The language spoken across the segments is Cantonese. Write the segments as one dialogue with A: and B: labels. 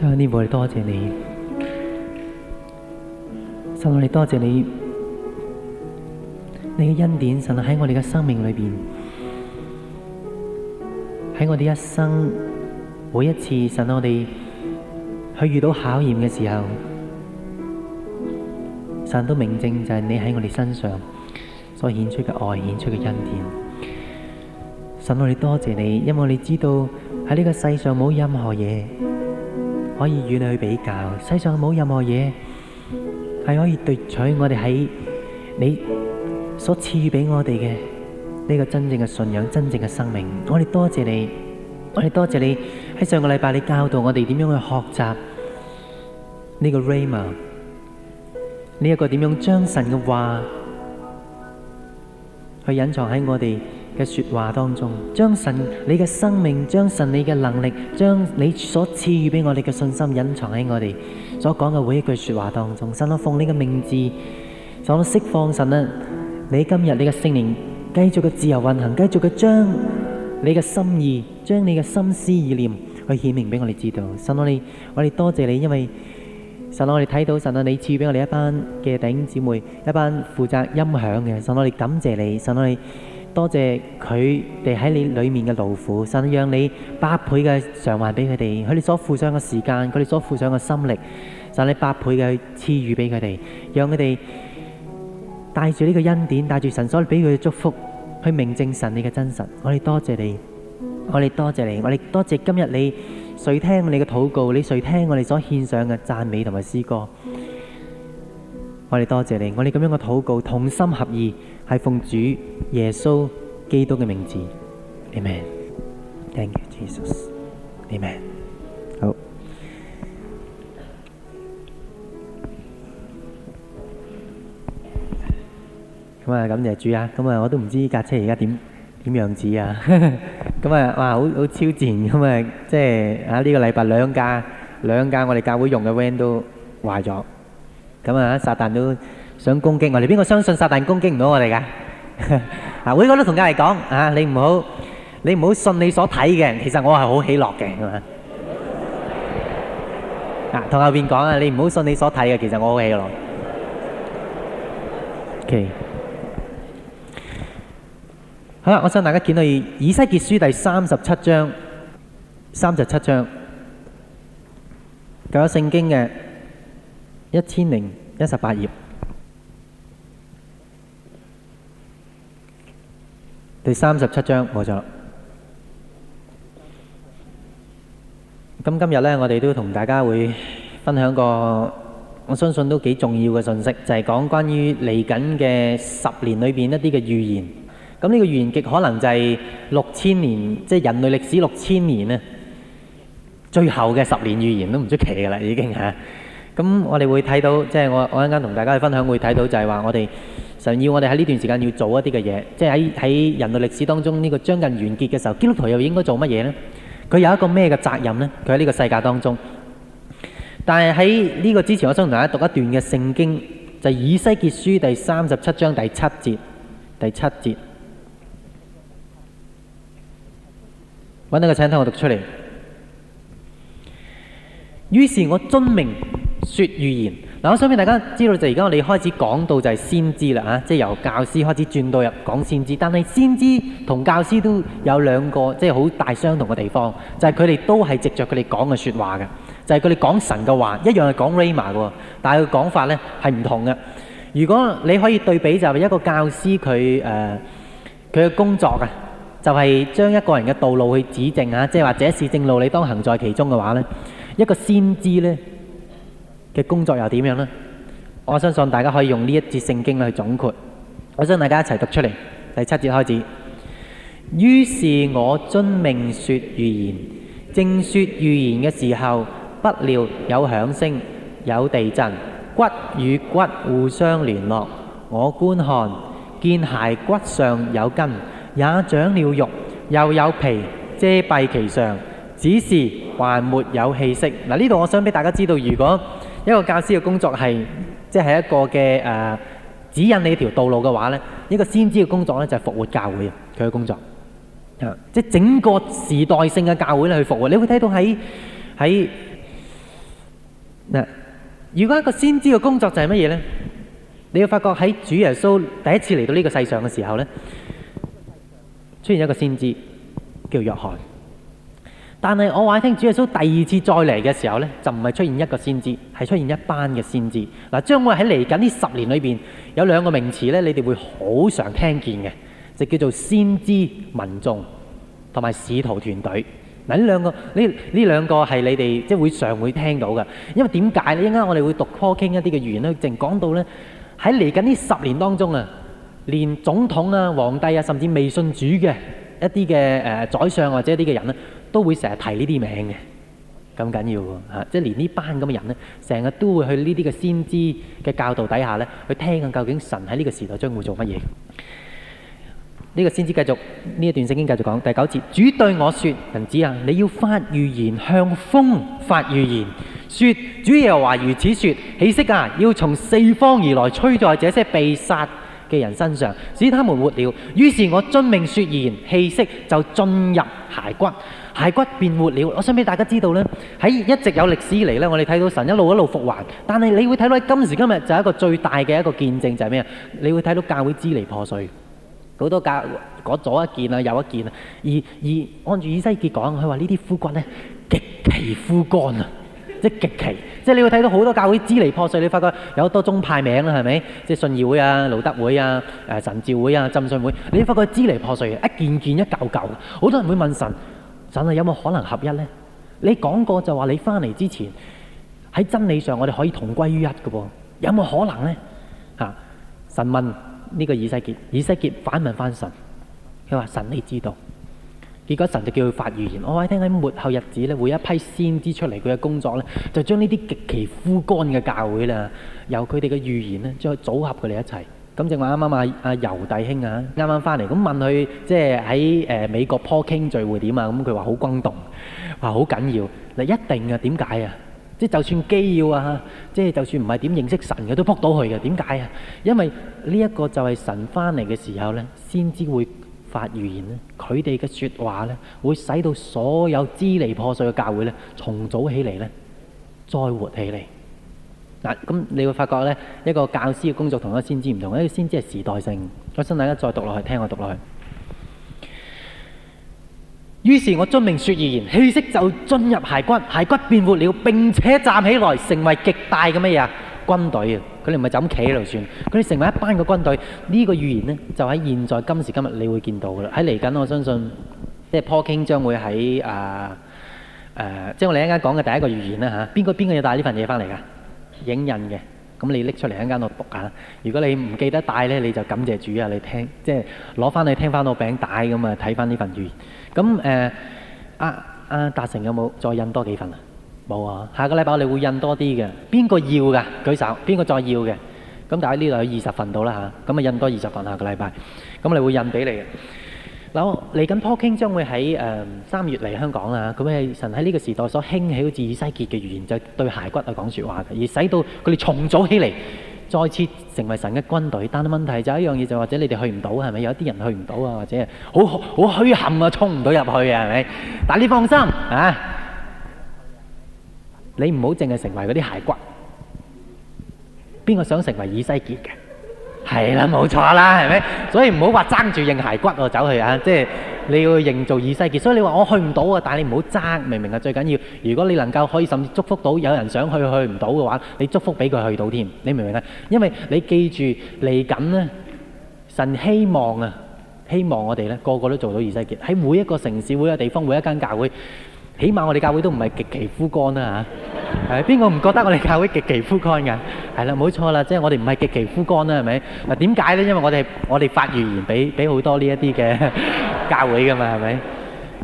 A: 真係呢部，我哋多謝你。神，我哋多謝你，你嘅恩典，神喺我哋嘅生命裏邊，喺我哋一生每一次，神我哋去遇到考驗嘅時候，神都明證就係你喺我哋身上所顯出嘅愛，顯出嘅恩典。神，我哋多謝你，因為你知道喺呢個世上冇任何嘢。可以與你去比較，世上冇任何嘢係可以奪取我哋喺你所賜予俾我哋嘅呢個真正嘅信仰、真正嘅生命。我哋多謝你，我哋多謝你喺上個禮拜你教導我哋點樣去學習呢個 Rama，呢一個點樣將神嘅話去隱藏喺我哋嘅説話當中，將神你嘅生命，將神你嘅能力，將你所賜予俾我哋嘅信心隱藏喺我哋所講嘅每一句説話當中。神啊，我奉你嘅名字，想釋放神啊！你今日你嘅聖靈繼續嘅自由運行，繼續嘅將你嘅心意、將你嘅心思意念去顯明俾我哋知道。神啊，你我哋多謝你，因為神啊，我哋睇到神啊，你賜予俾我哋一班嘅弟兄姊妹，一班負責音響嘅。神啊，我哋感謝你，神啊你。多謝佢哋喺你裏面嘅勞苦，神讓你百倍嘅償還俾佢哋，佢哋所付上嘅時間，佢哋所付上嘅心力，神讓你百倍嘅賜予俾佢哋，讓佢哋帶住呢個恩典，帶住神所俾佢嘅祝福，去明證神你嘅真實。我哋多謝你，我哋多謝你，我哋多謝今日你垂聽我哋嘅禱告，你垂聽我哋所獻上嘅讚美同埋詩歌。我哋多謝你，我哋咁樣嘅禱告，同心合意，係奉主耶穌基督嘅名字，Amen。Thank you, Jesus. Amen。好。咁啊，感謝主啊！咁啊，我都唔知架車而家點點樣子啊！咁啊，哇，好好超自然咁啊！即係啊，呢個禮拜兩架兩架我哋教會用嘅 van 都壞咗。咁啊！撒旦都想攻擊我哋，邊個相信撒旦攻擊唔到我哋㗎？啊！每個都同隔籬講：啊，你唔好，你唔好信你所睇嘅。其實我係好喜樂嘅，係咪？啊，同後邊講啊，你唔好信你所睇嘅。其實我好喜樂。OK，好啦，我想大家見到以以西結書第三十七章，三十七章講聖經嘅。一千零一十八頁，第三十七章冇咗。咁今日呢，我哋都同大家會分享個，我相信都幾重要嘅信息，就係講關於嚟緊嘅十年裏邊一啲嘅預言。咁呢個預言極可能就係六千年，即係人類歷史六千年。呢最後嘅十年預言都唔出奇噶啦，已經吓。咁我哋會睇到，即係我我間同大家嘅分享會睇到就，就係話我哋想要我哋喺呢段時間要做一啲嘅嘢，即係喺喺人類歷史當中呢個將近完結嘅時候，基督徒又應該做乜嘢呢？佢有一個咩嘅責任呢？佢喺呢個世界當中。但係喺呢個之前，我想同大家讀一段嘅聖經，就係以西結書第三十七章第七節第七節，揾到個，請聽我讀出嚟。於是，我遵命。說預言嗱，我想俾大家知道就而家我哋開始講到就係先知啦嚇，即、啊、係、就是、由教師開始轉到入講先知，但係先知同教師都有兩個即係好大相同嘅地方，就係佢哋都係藉着佢哋講嘅說話嘅，就係佢哋講神嘅話一樣係講 Rayma 嘅，但係佢講法呢係唔同嘅。如果你可以對比就係、是、一個教師佢誒佢嘅工作啊，就係、是、將一個人嘅道路去指正嚇、啊，即係或者是正路，你當行在其中嘅話呢，一個先知呢。嘅工作又點樣呢？我相信大家可以用呢一節聖經去總括。我想大家一齊讀出嚟，第七節開始。於是，我遵命說預言，正說預言嘅時候，不料有響聲，有地震，骨與骨互相聯絡。我觀看，見骸骨上有筋，也長了肉，又有皮遮蔽其上，只是還沒有氣息。嗱，呢度我想俾大家知道，如果一個教師嘅工作係，即係一個嘅呃，指引你條道路嘅話呢，一個先知嘅工作呢就係復活教會，佢嘅工作。即係整個時代性嘅教會去復活，你會睇到喺，喺，如果一個先知嘅工作就係乜嘢呢？你要發覺喺主耶穌第一次嚟到呢個世上嘅時候呢，出現一個先知叫約翰。但係，我話你聽主耶穌第二次再嚟嘅時候呢，就唔係出現一個先知，係出現一班嘅先知嗱。將會喺嚟緊呢十年裏邊，有兩個名詞呢，你哋會好常聽見嘅，就叫做先知民眾同埋使徒團隊嗱。呢兩個呢呢兩個係你哋即係會常會聽到嘅，因為點解咧？一陣間我哋會讀 cooking 一啲嘅語言咧，淨講到呢：「喺嚟緊呢十年當中啊，連總統啊、皇帝啊，甚至未信主嘅一啲嘅誒宰相或者一啲嘅人咧。都會成日提呢啲名嘅咁緊要喎、啊，即係連呢班咁嘅人呢，成日都會去呢啲嘅先知嘅教導底下呢，去聽啊。究竟神喺呢個時代將會做乜嘢？呢、這個先知繼續呢一段聖經繼續講第九節， 主對我説：人子啊，你要發預言，向風發預言，説主耶和華如此説：氣息啊，要從四方而來，吹在這些被殺嘅人身上，使他們活了。於是，我遵命説言，氣息就進入骸骨。骸骨變活了，我想俾大家知道呢，喺一直有歷史以嚟呢，我哋睇到神一路一路復還。但係你會睇到今時今日就係一個最大嘅一個見證，就係咩？你會睇到教會支離破碎，好多教嗰左一件啊，右一件啊。而而按住以西結講，佢話呢啲枯骨呢極其枯乾啊，即係極其， 即係你會睇到好多教會支離破碎。你發覺有好多宗派名啦，係咪？即係信義會啊、路德會啊、誒神召會啊、浸信會，你會發覺支離破碎，一件件一舊舊，好多人會問神。有冇可能合一呢？你講過就話你翻嚟之前喺真理上，我哋可以同歸於一噶噃，有冇可能呢？吓，神問呢個以西結，以西結反問翻神，佢話神，你知道。結果神就叫佢發預言。我話聽喺末後日子咧，會一批先知出嚟，佢嘅工作咧，就將呢啲極其枯乾嘅教會啦，由佢哋嘅預言咧，將組合佢哋一齊。咁正話啱啱阿阿尤弟兄啊，啱啱翻嚟，咁問佢即係喺誒美國 po king 聚會點啊？咁佢話好轟動，話好緊要。嗱，一定嘅，點解啊？即係就算機要啊，即係就算唔係點認識神嘅，都撲到佢嘅。點解啊？因為呢一個就係神翻嚟嘅時候呢，先至會發預言咧。佢哋嘅説話呢，會使到所有支離破碎嘅教會呢，重組起嚟呢，再活起嚟。嗱，咁你會發覺呢，一個教師嘅工作同一先知唔同。誒，先知係時代性。我相信大家再讀落去，聽我讀落去。於是，我遵命説預言，氣息就進入骸骨，骸骨變活了，並且站起來，成為極大嘅乜嘢軍隊啊！佢哋唔係就咁企喺度算，佢哋成為一班嘅軍隊。呢、呢個預言呢，就喺現在今時今日，你會見到噶啦。喺嚟緊，我相信即係破興將會喺誒誒，即係我哋啱啱講嘅第一個預言啦嚇。邊個邊個要帶呢份嘢翻嚟噶？影印嘅，咁你拎出嚟喺間度讀下，如果你唔記得帶，你就感謝主，攞返你聽返個餅帶，睇返呢份語言。嚟緊 Poking 將會喺誒三月嚟香港啦。咁啊，神喺呢個時代所興起好似以西結嘅語言，就對骸骨啊講説話嘅，而使到佢哋重組起嚟，再次成為神嘅軍隊。但問題就有一樣嘢，就或者你哋去唔到係咪？有啲人去唔到啊，或者好好虛冚啊，衝唔到入去啊，係咪？但你放心啊，你唔好淨係成為嗰啲骸骨。邊個想成為以西結嘅？係啦，冇錯啦，係咪？所以唔好話爭住認骸骨我，走去啊，即係你要認做以西結。所以你話我去唔到啊，但係你唔好爭，明唔明啊？最緊要，如果你能夠可以甚至祝福到有人想去去唔到嘅話，你祝福俾佢去到添，你明唔明啊？因為你記住嚟緊咧，神希望啊，希望我哋呢個個都做到以西結，喺每一個城市、每一個地方、每一間教會。起碼我哋教會都唔係極其枯乾啦嚇，誒邊個唔覺得我哋教會極其枯乾㗎？係啦，冇錯啦，即係我哋唔係極其枯乾啦，係咪？啊點解咧？因為我哋我哋發預言，俾俾好多呢一啲嘅教會㗎嘛，係咪？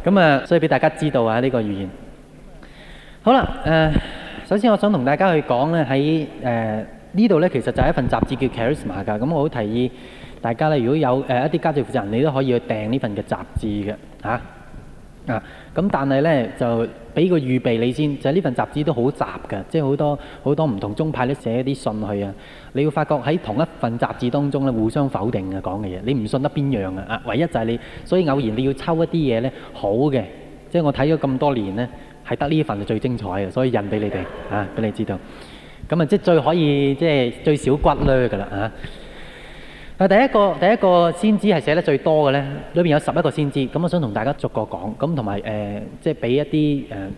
A: 咁啊，所以俾大家知道啊，呢個預言。好啦，誒，首先我想同大家去講咧，喺誒呢度咧，其實就係一份雜誌叫 Charisma 㗎。咁我好提議大家咧，如果有誒一啲家庭負責人，你都可以去訂呢份嘅雜誌嘅嚇啊。咁但係呢，就俾個預備你先，就係呢份雜誌都好雜㗎，即係好多好多唔同宗派都寫一啲信去啊。你會發覺喺同一份雜誌當中呢，互相否定嘅講嘅嘢，你唔信得邊樣啊？啊，唯一就係你，所以偶然你要抽一啲嘢呢，好嘅，即係我睇咗咁多年呢，係得呢份係最精彩嘅，所以印俾你哋啊，俾你知道。咁啊，即係最可以即係最少骨嘞㗎啦啊！第一個第一個先知係寫得最多嘅呢，裏面有十一個先知，咁我想同大家逐個講，咁同埋誒，即係俾一啲誒、呃、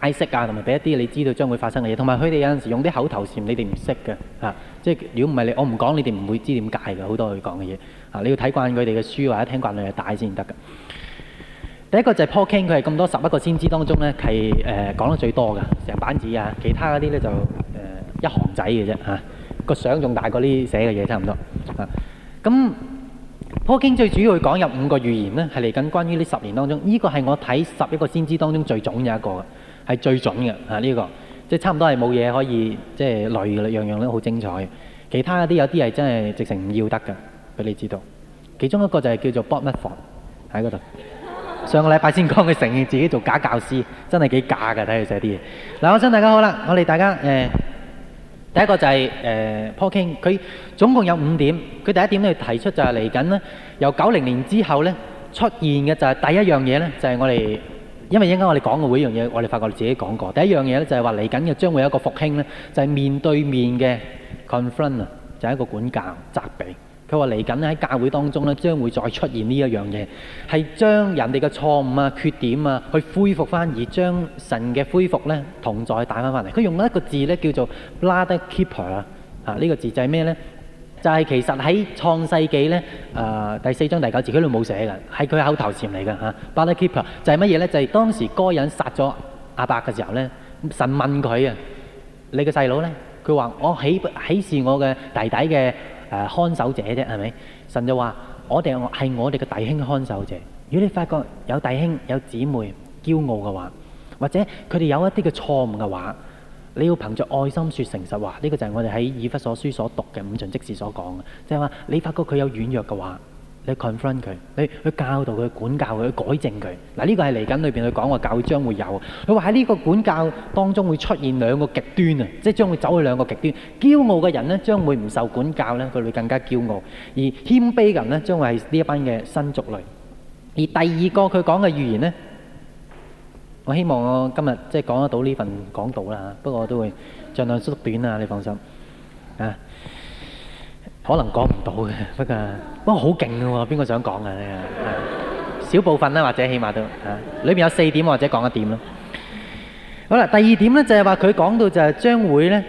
A: 解釋啊，同埋俾一啲你知道將會發生嘅嘢，同埋佢哋有陣時候用啲口頭禪，你哋唔識嘅嚇，即係如果唔係你，我唔講你哋唔會知點解嘅，好多佢講嘅嘢嚇，你要睇慣佢哋嘅書或者聽慣佢嘅帶先得㗎。第一個就係 Paul King，佢係咁多十一個先知當中呢，係誒、呃、講得最多嘅，成板紙啊，其他嗰啲呢就、呃、一行仔嘅啫嚇。啊個相仲大過啲寫嘅嘢差唔多，啊咁，坡經最主要講有五個預言咧，係嚟緊關於呢十年當中，呢個係我睇十一個先知當中最準嘅一個，係最準嘅啊呢個，即係差唔多係冇嘢可以即係累嘅啦，樣樣都好精彩。其他嗰啲有啲係真係直情唔要得㗎，俾你知道。其中一個就係叫做 Bob Mumford 喺嗰度，上個禮拜先講佢承認自己做假教師，真係幾假㗎。睇佢寫啲嘢。嗱，我想大家好啦，我哋大家誒。第一個就係誒 Paul King，佢總共有五點。佢第一點咧提出就係嚟緊咧，由九零年之後咧出現嘅就係第一樣嘢咧，就係、是、我哋因為一陣間我哋講嘅每一樣嘢，我哋發覺我哋自己講過。第一樣嘢咧就係話嚟緊嘅將會有一個復興咧，就係、是、面對面嘅 confront 啊，就係一個管教責備。佢話：嚟緊喺教會當中咧，將會再出現呢一樣嘢，係將人哋嘅錯誤啊、缺點啊，去恢復翻，而將神嘅恢復咧同再帶翻翻嚟。佢用一個字咧叫做 brother keeper 啊！啊，呢、這個字就係咩咧？就係、是、其實喺創世紀咧，誒、呃、第四章第九字，佢都冇寫嘅，係佢口頭禪嚟㗎 brother keeper，就係乜嘢咧？就係、是、當時該人殺咗亞伯嘅時候咧，神問佢啊：你嘅細佬咧？佢話：我喜喜視我嘅弟弟嘅。誒，看守者啫，係咪？神就話：我哋係我哋嘅弟兄看守者。如果你發覺有弟兄有姊妹驕傲嘅話，或者佢哋有一啲嘅錯誤嘅話，你要憑着愛心説誠實話。呢、這個就係我哋喺以弗所書所讀嘅五旬職事所講嘅，即係話你發覺佢有軟弱嘅話。你 confront 佢，你去教導佢、管教佢、改正佢。嗱呢個係嚟緊裏邊佢講話教會將會有，佢話喺呢個管教當中會出現兩個極端啊，即係將會走去兩個極端。驕傲嘅人咧，將會唔受管教咧，佢會更加驕傲；而謙卑人咧，將會係呢一班嘅新族類。而第二個佢講嘅預言咧，我希望我今日即係講得到呢份講道啦吓，不過我都會盡量縮短啊，你放心啊。可能講唔到嘅，不過不過好勁嘅喎，邊個想講啊？呢小部分呢，或者起碼都嚇，裏面有四點或者講一點咯。好啦，第二點呢，就係話佢講到就係將會呢誒、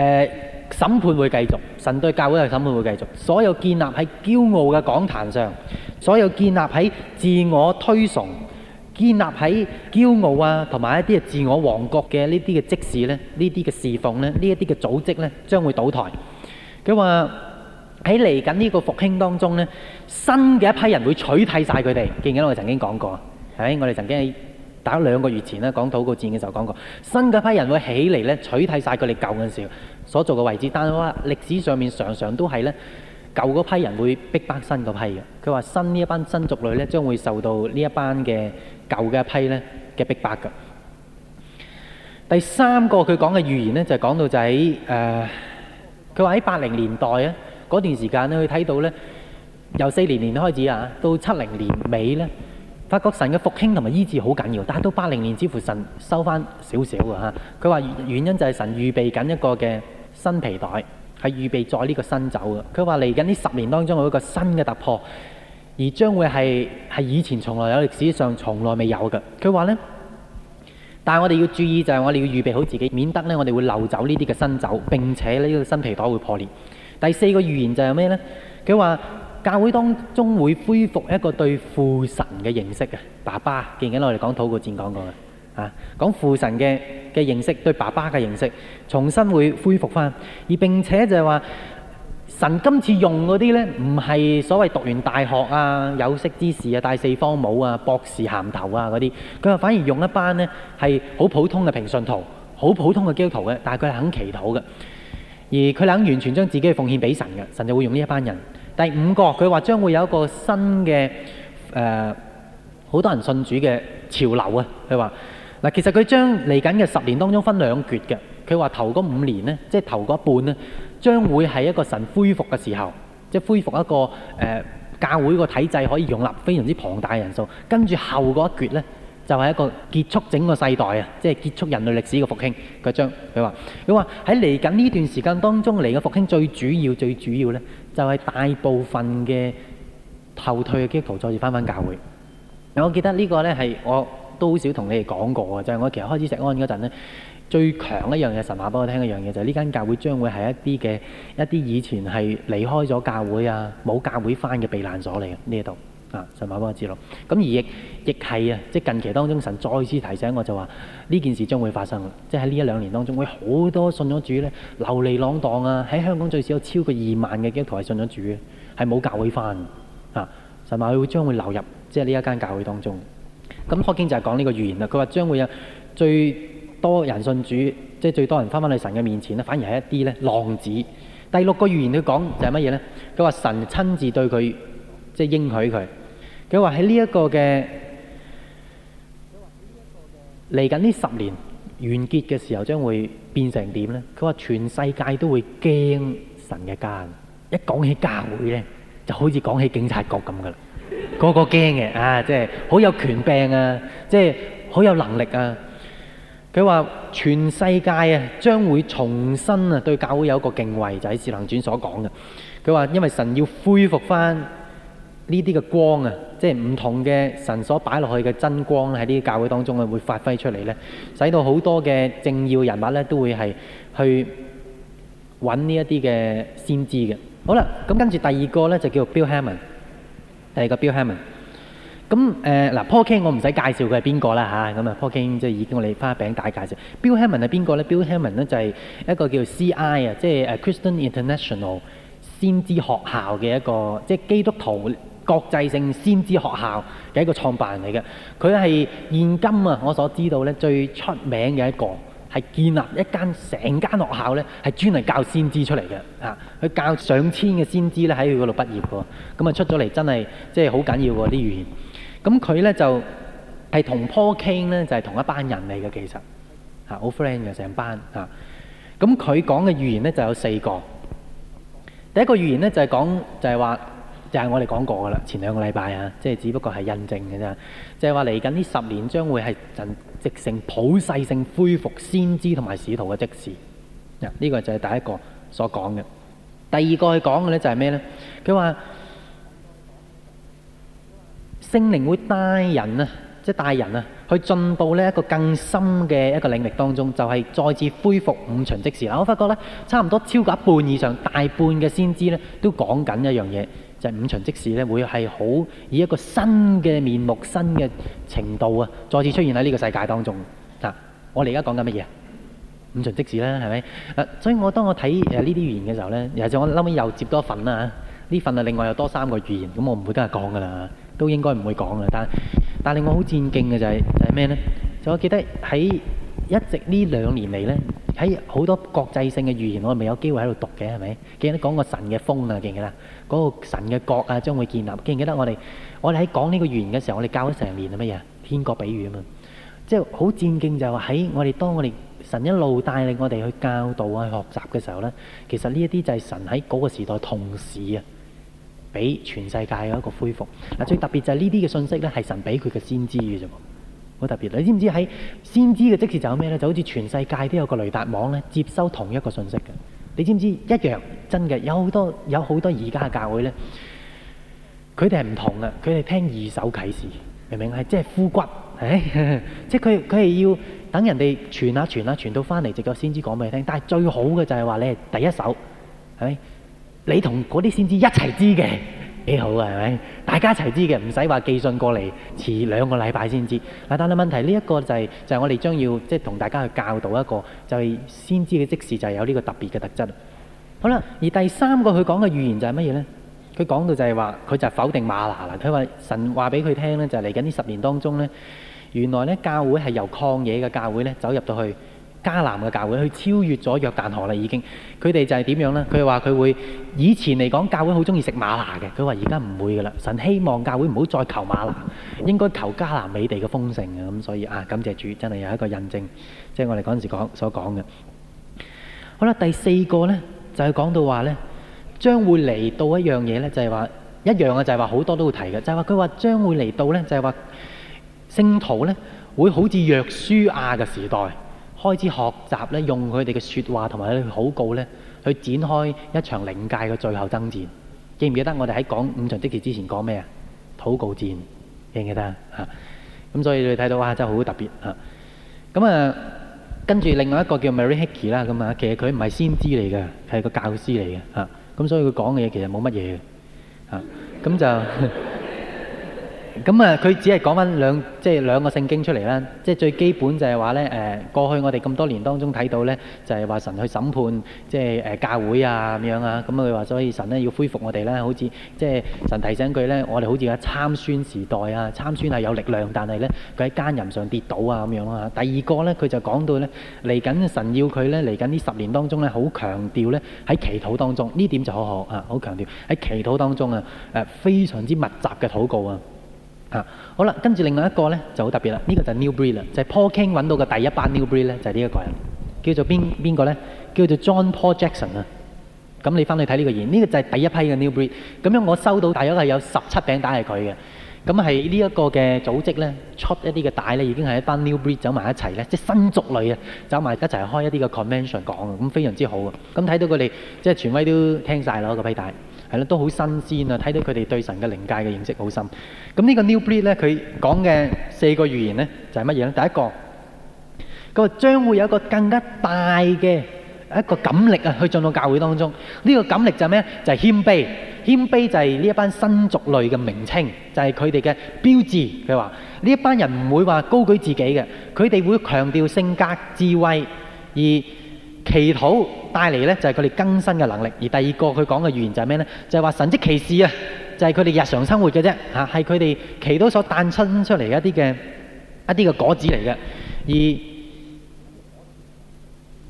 A: 呃、審判會繼續，神對教會嘅審判會繼續。所有建立喺驕傲嘅講壇上，所有建立喺自我推崇、建立喺驕傲啊，同埋一啲自我王國嘅呢啲嘅職事呢，呢啲嘅侍奉呢，呢一啲嘅組織呢，將會倒台。佢話。喺嚟緊呢個復興當中呢，新嘅一批人會取代晒佢哋。記唔記得我哋曾經講過，喺我哋曾經喺打兩個月前呢講禱告戰嘅時候講過，新嘅一批人會起嚟呢，取代晒佢哋舊嘅時候所做嘅位置。但係我話歷史上面常常都係呢舊嗰批人會逼迫新嗰批嘅。佢話新呢一班新族類呢將會受到呢一班嘅舊嘅一批呢嘅逼迫嘅。第三個佢講嘅預言呢，就係講到就喺誒，佢話喺八零年代啊。嗰段時間咧，佢睇到咧，由四年年開始啊，到七零年尾咧，發覺神嘅復興同埋醫治好緊要。但係到八零年，似乎神收翻少少嘅嚇。佢話原因就係神預備緊一個嘅新皮袋，係預備載呢個新酒嘅。佢話嚟緊呢十年當中，有一個新嘅突破，而將會係係以前從來有歷史上從來未有嘅。佢話咧，但係我哋要注意就係我哋要預備好自己，免得咧我哋會漏走呢啲嘅新酒，並且呢，呢個新皮袋會破裂。第四個預言就係咩呢？佢話教會當中會恢復一個對父神嘅認識嘅爸爸，記唔記得我哋講土壟戰講過啊？講父神嘅嘅認識，對爸爸嘅認識重新會恢復返，而並且就係話神今次用嗰啲呢，唔係所謂讀完大學啊、有識之士啊、帶四方帽啊、博士銜頭啊嗰啲，佢話反而用一班呢，係好普通嘅平信徒、好普通嘅基督徒嘅，但係佢係肯祈禱嘅。而佢肯完全將自己嘅奉獻俾神嘅，神就會用呢一班人。第五個，佢話將會有一個新嘅誒，好、呃、多人信主嘅潮流啊。佢話嗱，其實佢將嚟緊嘅十年當中分兩橛嘅。佢話頭嗰五年呢，即係頭嗰半呢，將會係一個神恢復嘅時候，即係恢復一個誒、呃、教會個體制可以容納非常之龐大嘅人數。跟住後嗰一橛呢，就係、是、一個結束整個世代啊！即、就、係、是、結束人類歷史嘅復興。佢將佢話佢話喺嚟緊呢段時間當中嚟嘅復興最主要最主要呢，就係、是、大部分嘅後退嘅基督徒再次翻返教會。我記得呢個呢，係我都好少同你哋講過嘅，就係、是、我其實開始食安嗰陣呢，最強一樣嘢神話俾我聽一樣嘢就係呢間教會將會係一啲嘅一啲以前係離開咗教會啊，冇教會翻嘅避難所嚟嘅呢度。啊、神話幫我知咯。咁而亦亦係啊，即係近期當中，神再次提醒我就話呢件事將會發生啦。即係喺呢一兩年當中，會好多信咗主咧流離浪蕩啊！喺香港最少有超過二萬嘅基督徒係信咗主嘅，係冇教會翻啊！神話會將會流入即係呢一間教會當中。咁《柯見》就係講呢個預言啦。佢話將會有最多人信主，即係最多人翻返去神嘅面前啦。反而係一啲咧浪子。第六個預言佢講就係乜嘢咧？佢話神親自對佢即係應許佢。佢話喺呢一個嘅嚟緊呢十年完結嘅時候，將會變成點呢？佢話全世界都會驚神嘅家，一講起教會呢，就好似講起警察局咁噶啦，個個驚嘅啊，即係好有權柄啊，即係好有能力啊。佢話全世界啊，將會重新啊對教會有一個敬畏，就喺《使徒行傳》所講嘅。佢話因為神要恢復翻。呢啲嘅光啊，即係唔同嘅神所擺落去嘅真光喺呢啲教會當中啊，會發揮出嚟咧，使到好多嘅政要人物咧，都會係去揾呢一啲嘅先知嘅。好啦，咁跟住第二個咧就叫 Bill Hamon 第二個 Bill Hamon 咁誒嗱 Paul King 我唔使介紹佢係邊個啦吓。咁啊 Paul King 即係已經我哋花餅大介紹。Bill Hamon 係係邊個咧？Bill Hamon 咧就係一個叫 CI 啊，即係 Christian International 先知學校嘅一個，即係基督徒。國際性先知學校嘅一個創辦人嚟嘅，佢係現今啊，我所知道咧最出名嘅一個，係建立一間成間學校咧，係專嚟教先知出嚟嘅啊！佢教上千嘅先知咧喺佢嗰度畢業嘅，咁啊出咗嚟真係即係好緊要喎啲語言。咁佢咧就係同 Paul King 咧就係同一班人嚟嘅，其實吓好 friend 嘅成班吓。咁佢講嘅語言咧就有四個，第一個語言咧就係講就係話。就係、是、我哋講過噶啦，前兩個禮拜啊，即係只不過係印證嘅啫。就係話嚟緊呢十年將會係直情普世性恢復先知同埋使徒嘅職事。嗱，呢個就係第一個所講嘅。第二個去講嘅呢就係咩呢？佢話聖靈會帶人啊，即、就、係、是、帶人啊，去進步呢一個更深嘅一個領域當中，就係、是、再次恢復五旬職事。嗱，我發覺呢，差唔多超過一半以上，大半嘅先知呢，都講緊一樣嘢。就係、五旬職事咧，會係好以一個新嘅面目、新嘅程度啊，再次出現喺呢個世界當中。嗱，我哋而家講緊乜嘢？五旬職事啦，係咪？所以我當我睇呢啲預言嘅時候呢，又係我臨尾又接多一份啦呢份啊，另外又多三個預言，咁我唔會今日講㗎啦，都應該唔會講㗎。但但令我好戰勁嘅就係、是、就係、是、咩呢？就我記得喺。一直呢兩年嚟呢，喺好多國際性嘅預言，我哋未有機會喺度讀嘅，係咪？記唔記得講嗰個神嘅風啊？記唔記得嗰個神嘅國啊將會建立？記唔記得我哋？我哋喺講呢個預言嘅時候，我哋教咗成年係乜嘢？天國比喻啊嘛，即係好戰勁就係話喺我哋當我哋神一路帶領我哋去教導啊、去學習嘅時候呢。其實呢一啲就係神喺嗰個時代同時啊，俾全世界嘅一個恢復。嗱，最特別就係呢啲嘅信息呢，係神俾佢嘅先知嘅啫。好特別，你知唔知喺先知嘅即時就有咩呢？就好似全世界都有個雷達網咧，接收同一個信息嘅。你知唔知一樣真嘅？有好多有好多而家嘅教會呢，佢哋係唔同嘅。佢哋聽二手啟示，明明係即係呼骨。 即佢佢係要等人哋傳啊傳啊傳到翻嚟，直接先知講俾你聽。但係最好嘅就係話你係第一手，係咪？你同嗰啲先知一齊知嘅。幾好啊，係咪？大家一齊知嘅，唔使話寄信過嚟，遲兩個禮拜先知。啊，但係問題呢一、這個就係、是，就係、是、我哋將要即係同大家去教導一個，就係、是、先知嘅即時就係有呢個特別嘅特質。好啦，而第三個佢講嘅預言就係乜嘢呢？佢講到就係話，佢就否定馬拿喇。佢話神話俾佢聽呢，就係嚟緊呢十年當中呢，原來呢教會係由曠野嘅教會呢走入到去。迦南嘅教會，去超越咗約旦河啦，已經佢哋就係點樣呢？佢話佢會以前嚟講教會好中意食馬拿嘅，佢話而家唔會噶啦。神希望教會唔好再求馬拿，應該求迦南美地嘅豐盛啊！咁所以啊，感謝主，真係有一個印證，即係我哋嗰陣時講所講嘅好啦。第四個呢，就係講到話呢，將會嚟到一樣嘢呢，就係話一樣嘅就係話好多都會提嘅，就係話佢話將會嚟到呢，就係話聖徒呢，會好似約書亞嘅時代，開始學習咧，用佢哋嘅説話同埋咧禱告咧，去展開一場靈界嘅最後爭戰。記唔記得我哋喺講五旬職事之前講咩啊？禱告戰，記唔記得啊？咁所以你睇到哇，真係好特別嚇。咁啊，跟住另外一個叫 Mary Hickey 啦，咁啊，其實佢唔係先知嚟嘅，係個教師嚟嘅嚇。咁所以佢講嘅嘢其實冇乜嘢嘅。咁就。咁啊，佢只係講翻兩，即係兩個聖經出嚟啦。即係最基本就係話咧，誒過去我哋咁多年當中睇到咧，就係話神去審判，即係誒教會啊咁樣啊。咁佢話所以神咧要恢復我哋咧，好似即係神提醒佢咧，我哋好似喺參孫時代啊，參孫係有力量，但係咧佢喺奸淫上跌倒啊咁樣啊。第二個咧，佢就講到咧，嚟緊神要佢咧嚟緊呢十年當中咧，好強調咧喺祈禱當中，呢點就好好啊，好強調喺祈禱當中啊，誒非常之密集嘅禱告啊。啊、好啦，跟住另外一個咧就好特別啦，呢、呢個就係 new breed 啦，就係、係、Paul King 揾到嘅第一班 new breed 咧，就係呢一個人，叫做邊邊個咧？叫做 John Paul Jackson 啊。咁你翻去睇呢個演，呢、呢個就係第一批嘅 new breed。咁樣我收到大約係有十七餅帶係佢嘅。咁係呢一個嘅組織咧出一啲嘅帶咧，已經係一班 new breed 走埋一齊咧，即係新族類啊，走埋一齊開一啲嘅 convention 講啊，咁非常之好啊。咁睇到佢哋即係權威都聽曬咯，個批帶。係啦，都好新鮮啊！睇到佢哋對神嘅靈界嘅認識好深。咁呢個 New Breed 咧，佢講嘅四個預言咧，就係乜嘢咧？第一個，佢將會有一個更加大嘅一個感力啊，去進到教會當中。呢個感力就係咩咧？就係謙卑。謙卑就係呢一班新族類嘅名稱，就係佢哋嘅標誌。佢話呢一班人唔會話高舉自己嘅，佢哋會強調性格智慧而，祈禱帶嚟呢，就係佢哋更新嘅能力，而第二個佢講嘅語言就係咩呢？就係、是、話神蹟奇事啊！就係佢哋日常生活嘅啫嚇，係佢哋祈禱所誕生出嚟一啲嘅一啲嘅果子嚟嘅。而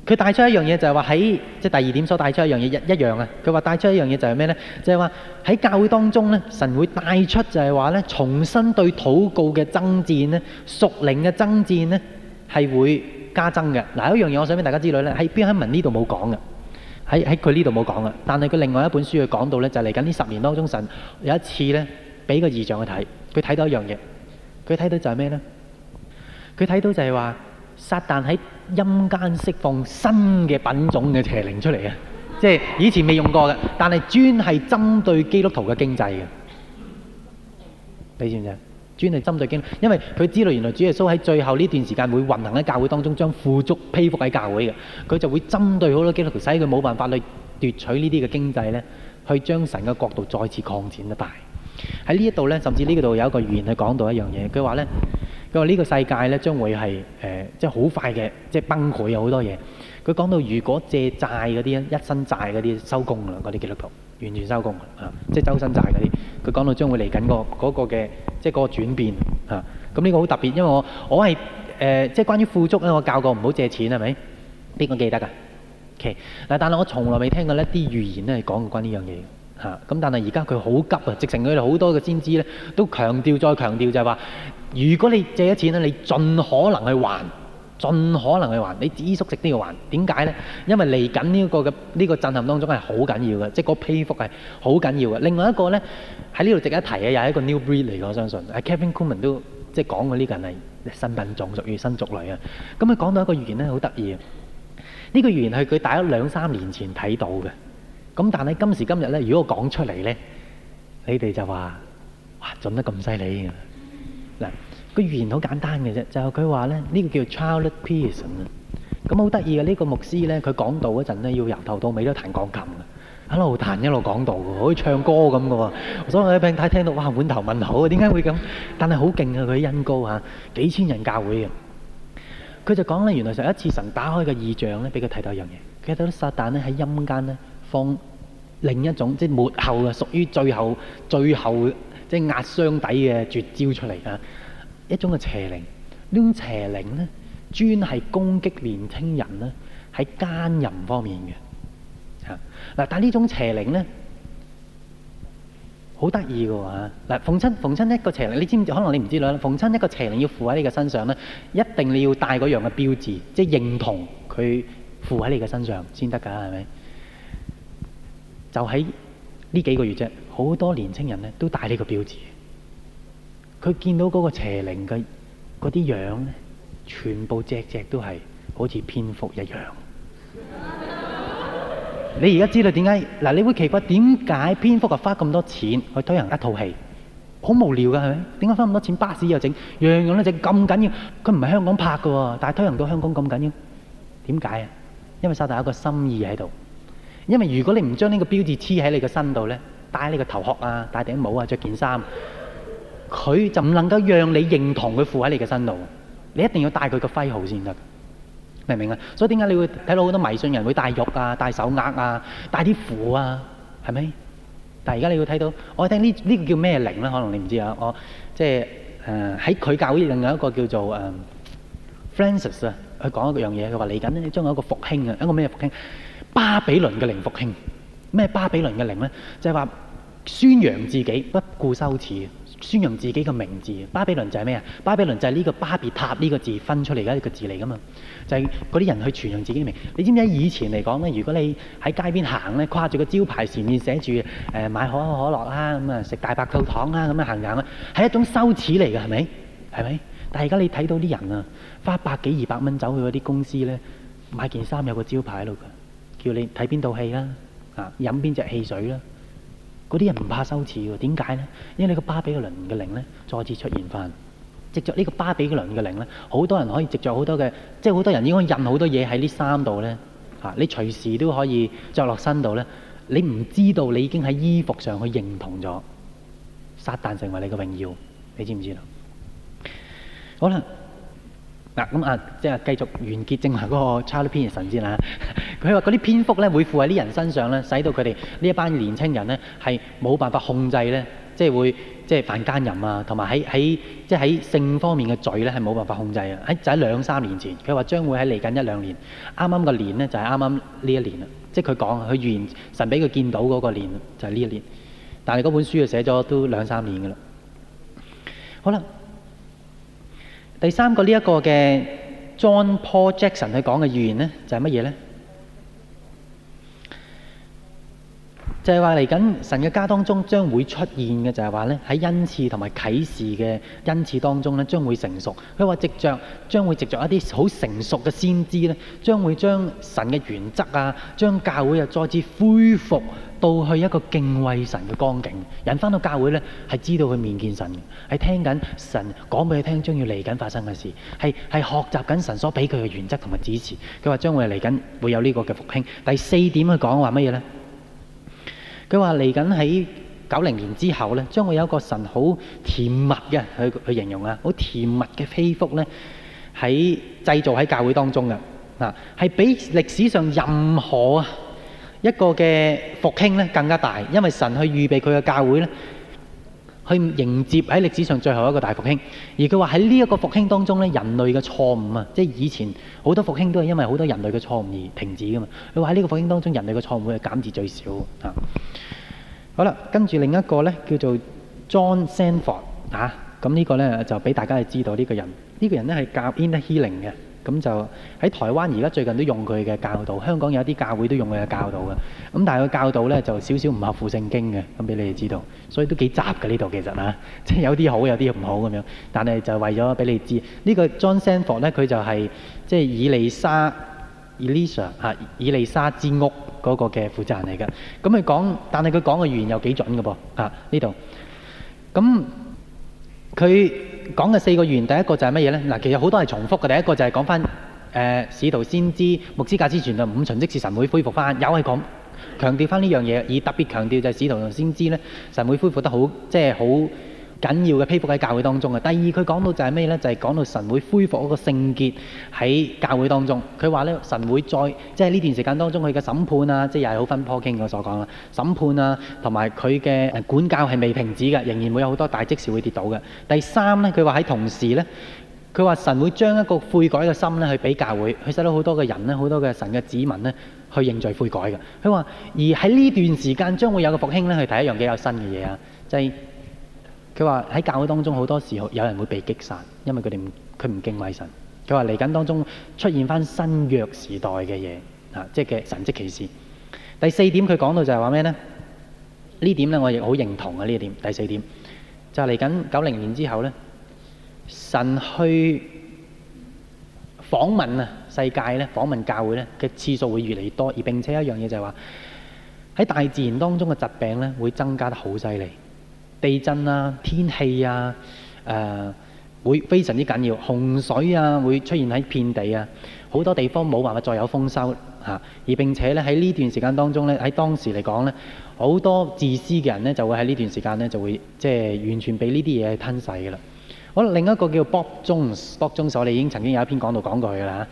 A: 佢帶出一樣嘢就係話喺即係第二點所帶出一樣嘢一一,一樣啊！佢話帶出一樣嘢就係咩呢？就係話喺教會當中呢，神會帶出就係話呢，重新對禱告嘅爭戰呢，屬靈嘅爭戰呢，係會。加增嘅嗱，一樣嘢我想俾大家知啦咧，喺邊喺文呢度冇講嘅，喺喺佢呢度冇講嘅，但係佢另外一本書佢講到咧，就嚟緊呢十年當中神，神有一次咧俾個異象去睇，佢睇到一樣嘢，佢睇到就係咩咧？佢睇到就係話撒旦喺陰間釋放新嘅品種嘅邪靈出嚟嘅，即係以前未用過嘅，但係專係針對基督徒嘅經濟嘅，你知唔專係針對經，因為佢知道原來主耶穌喺最後呢段時間會運行喺教會當中，將富足披覆喺教會嘅，佢就會針對好多基督徒，使佢冇辦法去奪取呢啲嘅經濟呢，去將神嘅國度再次擴展得大。喺呢一度呢，甚至呢度有一個預言去講到一樣嘢，佢話呢，佢話呢個世界呢，將會係誒，即係好快嘅，即係崩潰啊好多嘢。佢講到如果借債嗰啲一身債嗰啲收工啦，嗰啲基督徒完全收工啦、啊、即係周身債嗰啲。佢講到將會嚟緊、嗰個嗰、嗰個嘅即係嗰個轉變嚇。咁、啊、呢個好特別，因為我我係誒、呃、即係關於富足咧，我教過唔好借錢係咪？邊個記得㗎嗱、okay. 啊，但係我從來未聽過呢啲預言咧講過關呢樣嘢嚇。咁但係而家佢好急啊，直情佢哋好多嘅先知咧都強調再強調就係話，如果你借咗錢咧，你盡可能去還。，盡可能去還，你衣縮食都要還。點解呢？因為嚟緊呢個嘅、呢個、震撼當中係好緊要嘅，即係個批覆係好緊要嘅。另外一個咧喺呢度值得一提嘅，又係一個 new breed 嚟嘅，我相信。Kevin c o 個語言好簡單嘅啫，就係佢話咧呢個叫 childless person 咁好得意嘅呢個牧師呢，佢講道嗰陣咧，要由頭到尾都彈鋼琴嘅，一路彈一路講道好似唱歌咁嘅喎。所以我啲病太聽到哇滿頭問號啊，點解會咁？但係好勁啊！佢嘅音高嚇幾千人教會嘅。佢就講呢，原來上一次神打開個異象呢，俾佢睇到一樣嘢，佢睇到啲撒旦呢，喺陰間呢，放另一種即係末後嘅屬於最後最後即係壓箱底嘅絕招出嚟啊！一種嘅邪靈，呢種邪靈呢，專係攻擊年輕人呢，喺奸淫方面嘅嚇。嗱，但係呢種邪靈呢，好得意嘅喎。嗱，逢親逢親一個邪靈，你知唔知？可能你唔知道，逢親一個邪靈要附喺你嘅身上呢，一定你要戴嗰樣嘅標誌，即係認同佢附喺你嘅身上先得㗎，係咪？就喺呢幾個月啫，好多年青人呢，都戴呢個標誌。佢見到嗰個邪靈嘅嗰啲樣咧，全部隻隻都係好似蝙蝠一樣。你而家知道點解？嗱，你會奇怪點解蝙蝠啊，花咁多錢去推行一套戲，好無聊噶，係咪？點解花咁多錢巴士又整，樣樣都整咁緊要？佢唔係香港拍嘅喎，但係推行到香港咁緊要，點解啊？因為撒但有個心意喺度。因為如果你唔將呢個標誌黐喺你個身度咧，戴喺你個頭殼啊，戴頂帽啊，著件衫。佢就唔能夠讓你認同佢附喺你嘅身度，你一定要帶佢嘅徽號先得，明唔明啊？所以點解你會睇到好多迷信人會帶玉啊、帶手鈪啊、帶啲符啊，係咪？但係而家你會睇到我聽呢呢個叫咩靈咧？可能你唔知啊。我即係誒喺佢教會仲有一個叫做誒、呃、Francis 啊，佢講一樣嘢，佢話嚟緊咧，你將有一個復興啊，一個咩復興？巴比倫嘅靈復興咩？巴比倫嘅靈咧，就係、是、話宣揚自己，不顧羞恥。宣揚自己嘅名字，巴比倫就係咩啊？巴比倫就係呢、這個巴比塔呢、這個字分出嚟嘅一個字嚟噶嘛？就係嗰啲人去傳揚自己嘅名字。你知唔知道以前嚟講咧，如果你喺街邊行咧，跨住個招牌前面寫住誒買可口可樂啦，咁啊食大白兔糖啦，咁啊行行咧，係一種羞恥嚟嘅，係咪？係咪？但係而家你睇到啲人啊，花百幾二百蚊走去嗰啲公司咧，買件衫有個招牌喺度嘅，叫你睇邊套戲啦，啊飲邊隻汽水啦。嗰啲人唔怕羞恥喎，點解呢？因為你個巴比倫嘅靈呢，再次出現翻，藉着呢個巴比倫嘅靈呢，好多人可以藉着好多嘅，即係好多人應該印好多嘢喺呢衫度呢。吓，你隨時都可以着落身度呢，你唔知道你已經喺衣服上去認同咗撒旦成為你嘅榮耀，你知唔知道？好啦。嗱，咁啊，即係、啊、繼續完結正話嗰個 Charlie Pien 神先啦。佢話嗰啲蝙蝠咧會附喺啲人身上咧，使到佢哋呢一班年青人咧係冇辦法控制咧，即係會，即係犯奸淫啊，同埋喺喺即係喺性方面嘅罪咧係冇辦法控制啊。喺就喺兩三年前，佢話將會喺嚟緊一兩年，啱啱個年咧就係啱啱呢一年啦。即係佢講，佢預言神俾佢見到嗰個年就係呢一年，但係嗰本書就寫咗都兩三年嘅啦。好啦。第三個呢一個嘅 John Paul Jackson 佢講嘅預言，就係乜嘢呢？就係話嚟緊，神嘅家當中將會出現嘅，就係話呢，喺恩賜同埋啟示嘅恩賜當中呢，將會成熟。佢話藉著將會藉著一啲好成熟嘅先知呢，將會將神嘅原則啊，將教會啊，再次恢復到去一個敬畏神嘅光景，引翻到教會呢，係知道佢面見神嘅。係聽緊神講俾佢聽將要嚟緊發生嘅事，係係學習緊神所俾佢嘅原則同埋指示。佢話將會嚟緊會有呢個嘅復興。第四點佢講話乜嘢呢？佢話嚟緊喺九零年之後咧，將會有一個神好甜蜜嘅，佢去形容啊，好甜蜜嘅恢復咧喺製造喺教會當中嘅嗱，係比歷史上任何一個嘅復興咧更加大，因為神去預備佢嘅教會咧去迎接喺歷史上最後一個大復興。而佢話喺呢一個復興當中咧，人類嘅錯誤啊，即係以前好多復興都係因為好多人類嘅錯誤而停止㗎嘛。佢話喺呢個復興當中，人類嘅錯誤係減至最少啊。好啦，跟住另一個咧叫做 John Sanford 啊，咁呢個咧就俾大家知道呢、這個人。呢、這個人咧係教 inner healing 嘅，咁就喺台灣而家最近都用佢嘅教導，香港有啲教會都用佢嘅教導嘅。咁、啊、但係佢教導咧就少少唔合乎聖經嘅，咁俾你哋知道。所以都幾雜嘅呢度其實啊，即係有啲好，有啲唔好咁樣。但係就為咗俾你知，呢、這個 John Sanford 咧佢就係、是、即係以利沙。Elisha 嚇、啊，以利沙之屋嗰個嘅負責人嚟嘅。咁佢講，但係佢講嘅預言有幾準嘅噃吓，呢、啊、度。咁佢講嘅四個預言，第一個就係乜嘢咧？嗱，其實好多係重複嘅。第一個就係講翻誒，使徒先知牧師架之傳啊，五旬節時神會恢復翻，又係咁強調翻呢樣嘢，以特別強調就係使徒先知咧，神會恢復得好，即係好。緊要嘅批覆喺教會當中嘅。第二，佢講到就係咩呢？就係講到神會恢復嗰個聖潔喺教會當中。佢話呢，就是、呢，神會再即係呢段時間當中，佢嘅審判啊，即係又係好分破經我所講啦。審判啊，同埋佢嘅管教係未停止嘅，仍然會有好多大積事會跌到嘅。第三呢，佢話喺同時呢，佢話神會將一個悔改嘅心呢去俾教會，佢使到好多嘅人呢，好多嘅神嘅子民呢去認罪悔改嘅。佢話而喺呢段時間將會有個復興呢，係第一樣幾有新嘅嘢啊，就係。佢話喺教會當中好多時候有人會被擊殺，因為佢哋唔佢唔敬畏神。佢話嚟緊當中出現翻新約時代嘅嘢，啊，即係嘅神蹟奇事。第四點佢講到就係話咩呢？呢點咧我亦好認同啊。呢一點。第四點就係嚟緊九零年之後呢，神去訪問啊世界咧，訪問教會咧嘅次數會越嚟越多，而並且一樣嘢就係話喺大自然當中嘅疾病呢，會增加得好犀利。地震啊、天氣啊，誒、呃、會非常之緊要。洪水啊，會出現喺遍地啊，好多地方冇辦法再有豐收嚇、啊。而並且咧喺呢在這段時間當中咧，喺當時嚟講咧，好多自私嘅人咧就會喺呢段時間咧就會即係、就是、完全被呢啲嘢吞噬㗎啦。好，另一個叫 Bob Jones，Bob Jones 我哋已經曾經有一篇講到講過佢㗎啦。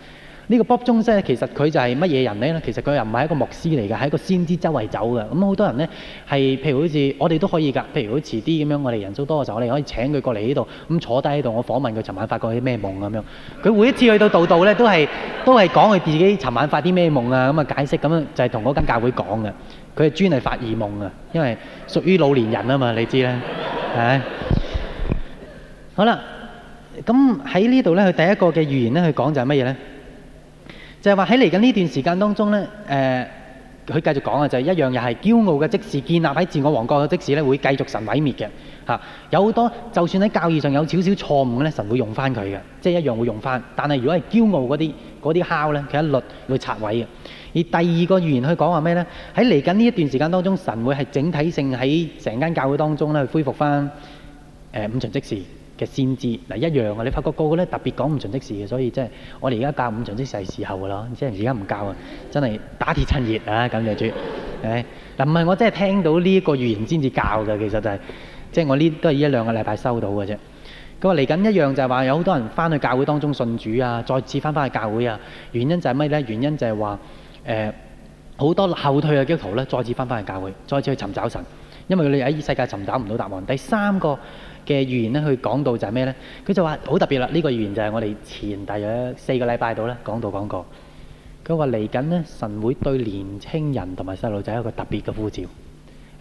A: 呢個 Bob Jones 咧，其實佢就係乜嘢人咧？其實佢又唔係一個牧師嚟嘅，係一個先知周圍走嘅。咁好多人咧，係譬如好似我哋都可以㗎。譬如好似遲啲咁樣，我哋人數多嘅時候，我哋可以請佢過嚟呢度，咁坐低喺度。我訪問佢，尋晚發過啲咩夢咁樣？佢每一次去到度度咧，都係都係講佢自己尋晚發啲咩夢啊，咁啊解釋咁樣，就係同嗰間教會講嘅。佢係專係發異夢啊，因為屬於老年人啊嘛，你知咧。係。好啦，咁喺呢度咧，佢第一個嘅預言咧，佢講就係乜嘢咧？就係話喺嚟緊呢段時間當中咧，誒佢繼續講啊，就係、是、一樣又係驕傲嘅職事建立喺自我王國嘅職事咧，會繼續神毀滅嘅嚇。有好多就算喺教義上有少少錯誤嘅咧，神會用翻佢嘅，即、就、係、是、一樣會用翻。但係如果係驕傲嗰啲嗰啲敲咧，佢一律會拆毀嘅。而第二個預言去講話咩咧？喺嚟緊呢一段時間當中，神會係整體性喺成間教會當中咧去恢復翻誒、呃、五旬職事。先知嗱一樣啊！你發覺個個咧特別講唔盡職事嘅，所以真係我哋而家教唔盡職事係時候噶咯，即係而家唔教啊！真係打鐵趁熱啊咁嚟住，誒嗱唔係我真係聽到呢一個預言先至教嘅，其實就係即係我呢都係呢一兩個禮拜收到嘅啫。咁啊，嚟緊一樣就係話有好多人翻去教會當中信主啊，再次翻返去教會啊，原因就係咩呢？原因就係話誒好多後退嘅基督徒咧，再次翻返去教會，再次去尋找神，因為你喺世界尋找唔到答案。第三個嘅預言咧，去講到就係咩呢？佢就話好特別啦。呢個預言就係我哋前大約四個禮拜度咧講到講過。佢話嚟緊呢，神會對年輕人同埋細路仔有一個特別嘅呼召。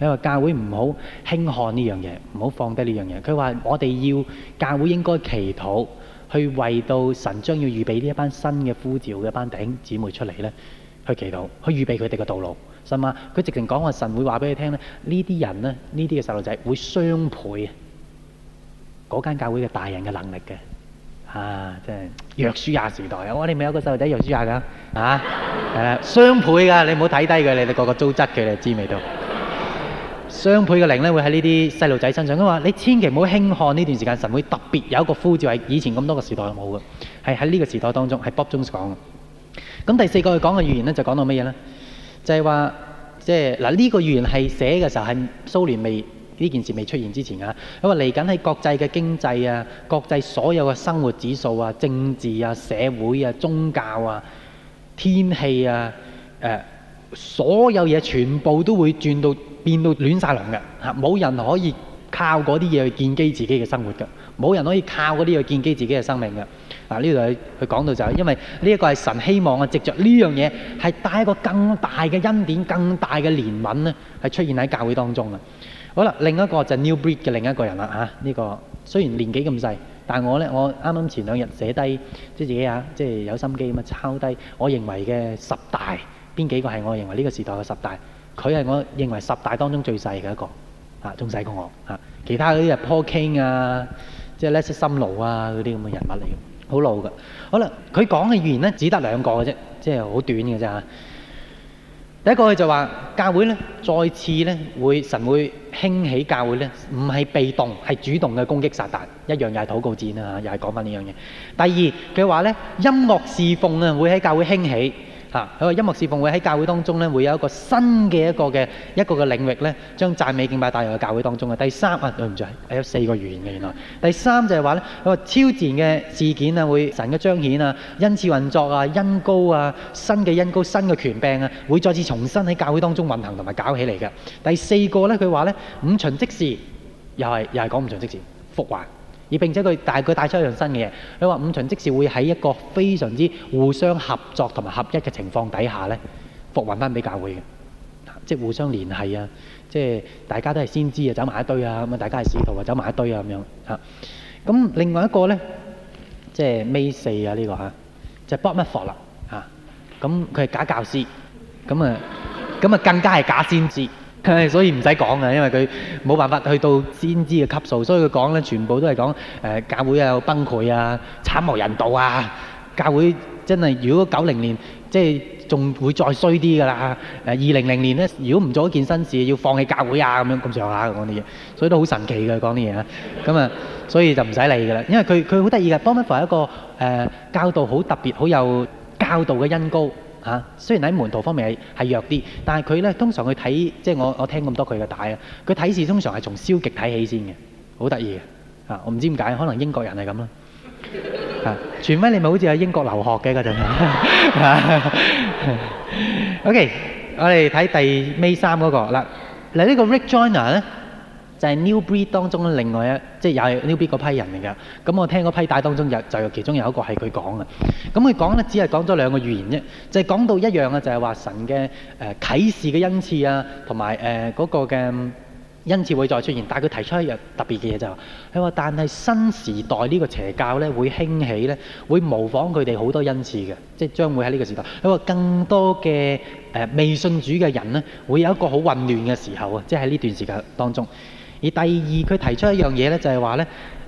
A: 佢話教會唔好輕看呢樣嘢，唔好放低呢樣嘢。佢話我哋要教會應該祈禱去為到神將要預備呢一班新嘅呼召嘅班弟兄姊妹出嚟呢，去祈禱去預備佢哋嘅道路。神啊！佢直情講話神會話俾你聽咧，呢啲人呢，呢啲嘅細路仔會雙倍啊！嗰間教會嘅大人嘅能力嘅，啊，即係約書亞時代啊！我哋咪有個細路仔約書亞噶，啊，係、 啊、雙倍噶，你唔好睇低佢，你哋個個租質嘅，你知未到？ 雙倍嘅靈咧會喺呢啲細路仔身上噶嘛，你千祈唔好輕看呢段時間，神會特別有一個呼召，係以前咁多個時代冇嘅，係喺呢個時代當中，係 Bob Jones 講。咁第四個講嘅預言咧就講到乜嘢咧？就係、是、話，即係嗱呢個預言係寫嘅時候係蘇聯未。呢件事未出現之前啊，因為嚟緊喺國際嘅經濟啊、國際所有嘅生活指數啊、政治啊、社會啊、宗教啊、天氣啊、誒、呃、所有嘢全部都會轉到變到亂晒龍嘅吓，冇人可以靠嗰啲嘢去建基自己嘅生活㗎，冇人可以靠嗰啲去建基自己嘅生命㗎。嗱呢度係佢講到就係、是、因為呢一個係神希望啊，藉着呢樣嘢係帶一個更大嘅恩典、更大嘅憐憫咧，係出現喺教會當中啊。好啦，另一個就是 New Breed 的另一個人,啦，吓，呢個雖然年紀咁細，但係我呢，我啱啱前兩日寫低，即係自己吓，即係有心機咁樣抄低,我認為的十大,邊幾個係我認為這個時代嘅十大,佢係我認為十大當中最細的一個,吓，仲細過我，吓，其他嗰啲啊 Paul King 啊，即係 Leslie Sin Lou 啊嗰啲咁嘅人物嚟嘅，好老㗎。好啦，佢講嘅語言呢只得兩個嘅啫，即係好短嘅啫，吓。第一個佢就話教會呢，再次呢會神會興起，教會呢唔係被動，係主動嘅攻擊撒旦一樣，又係禱告戰啊，又係講呢樣嘢。第二佢話呢音樂侍奉啊，會喺教會興起嚇！喺個音樂侍奉會喺教會當中咧，會有一個新嘅一個嘅一個嘅領域咧，將讚美敬拜帶入去教會當中嘅。第三啊，對唔住，有四個原因嘅，原來第三就係話咧，我話超自然嘅事件啊，會神嘅彰顯啊，恩賜運作啊，恩膏啊，新嘅恩膏、新嘅權柄啊，會再次重新喺教會當中運行同埋搞起嚟嘅。第四個咧，佢話咧五旬職事又係又係講五旬職事復還。而並且佢帶佢帶出一樣新嘅嘢，佢話五旬即時會喺一個非常之互相合作同埋合一嘅情況底下咧，復還翻俾教會嘅，即係互相聯繫啊，即係大家都係先知啊，走埋一堆啊，咁啊大家係使徒啊，走埋一堆啊咁樣啊。咁另外一個咧，即係 May 四啊呢、這個嚇、啊，就係乜佛啦嚇，咁佢係假教師，咁啊咁啊更加係假先知。係，所以唔使講啊，因為佢冇辦法去到先知嘅級數，所以佢講咧全部都係講誒教會啊崩潰啊、慘無人道啊，教會真係如果九零年即係仲會再衰啲㗎啦。誒二零零年咧，如果唔做一件新事，要放棄教會啊咁樣咁上下講啲嘢，所以都好神奇嘅講啲嘢啊。咁啊，所以就唔使理㗎啦，因為佢佢好得意嘅。Bonnie For 係一個誒教導好特別、好有教導嘅恩高、啊、雖然喺門徒方面係，係弱啲，但係佢呢通常佢睇，即係我，我聽咁多佢嘅帶佢睇事通常係從消極睇起先嘅，好得意嘅，我唔知點解，可能英國人係咁啦，全威你咪好似喺英國留學嘅嗰陣。OK，我哋睇第尾三嗰個喇。嚟呢個 okay, Rick Joyner 就係 New Breed 當中另外一，即係又係 New Breed 嗰批人嚟㗎。咁我聽嗰批帶當中有，就有其中有一個係佢講嘅。咁佢講咧，只係講咗兩個預言啫，就係講到一樣嘅，就係話神嘅誒啟示嘅恩賜啊，同埋誒嗰個嘅恩賜會再出現。但係佢提出一樣特別嘅嘢就係話，佢話但係新時代呢個邪教咧會興起咧，會模仿佢哋好多恩賜嘅，即係將會喺呢個時代。佢話更多嘅誒未信主嘅人咧，會有一個好混亂嘅時候啊，即係喺呢段時間當中。而第二，佢提出一樣嘢咧，就係話咧，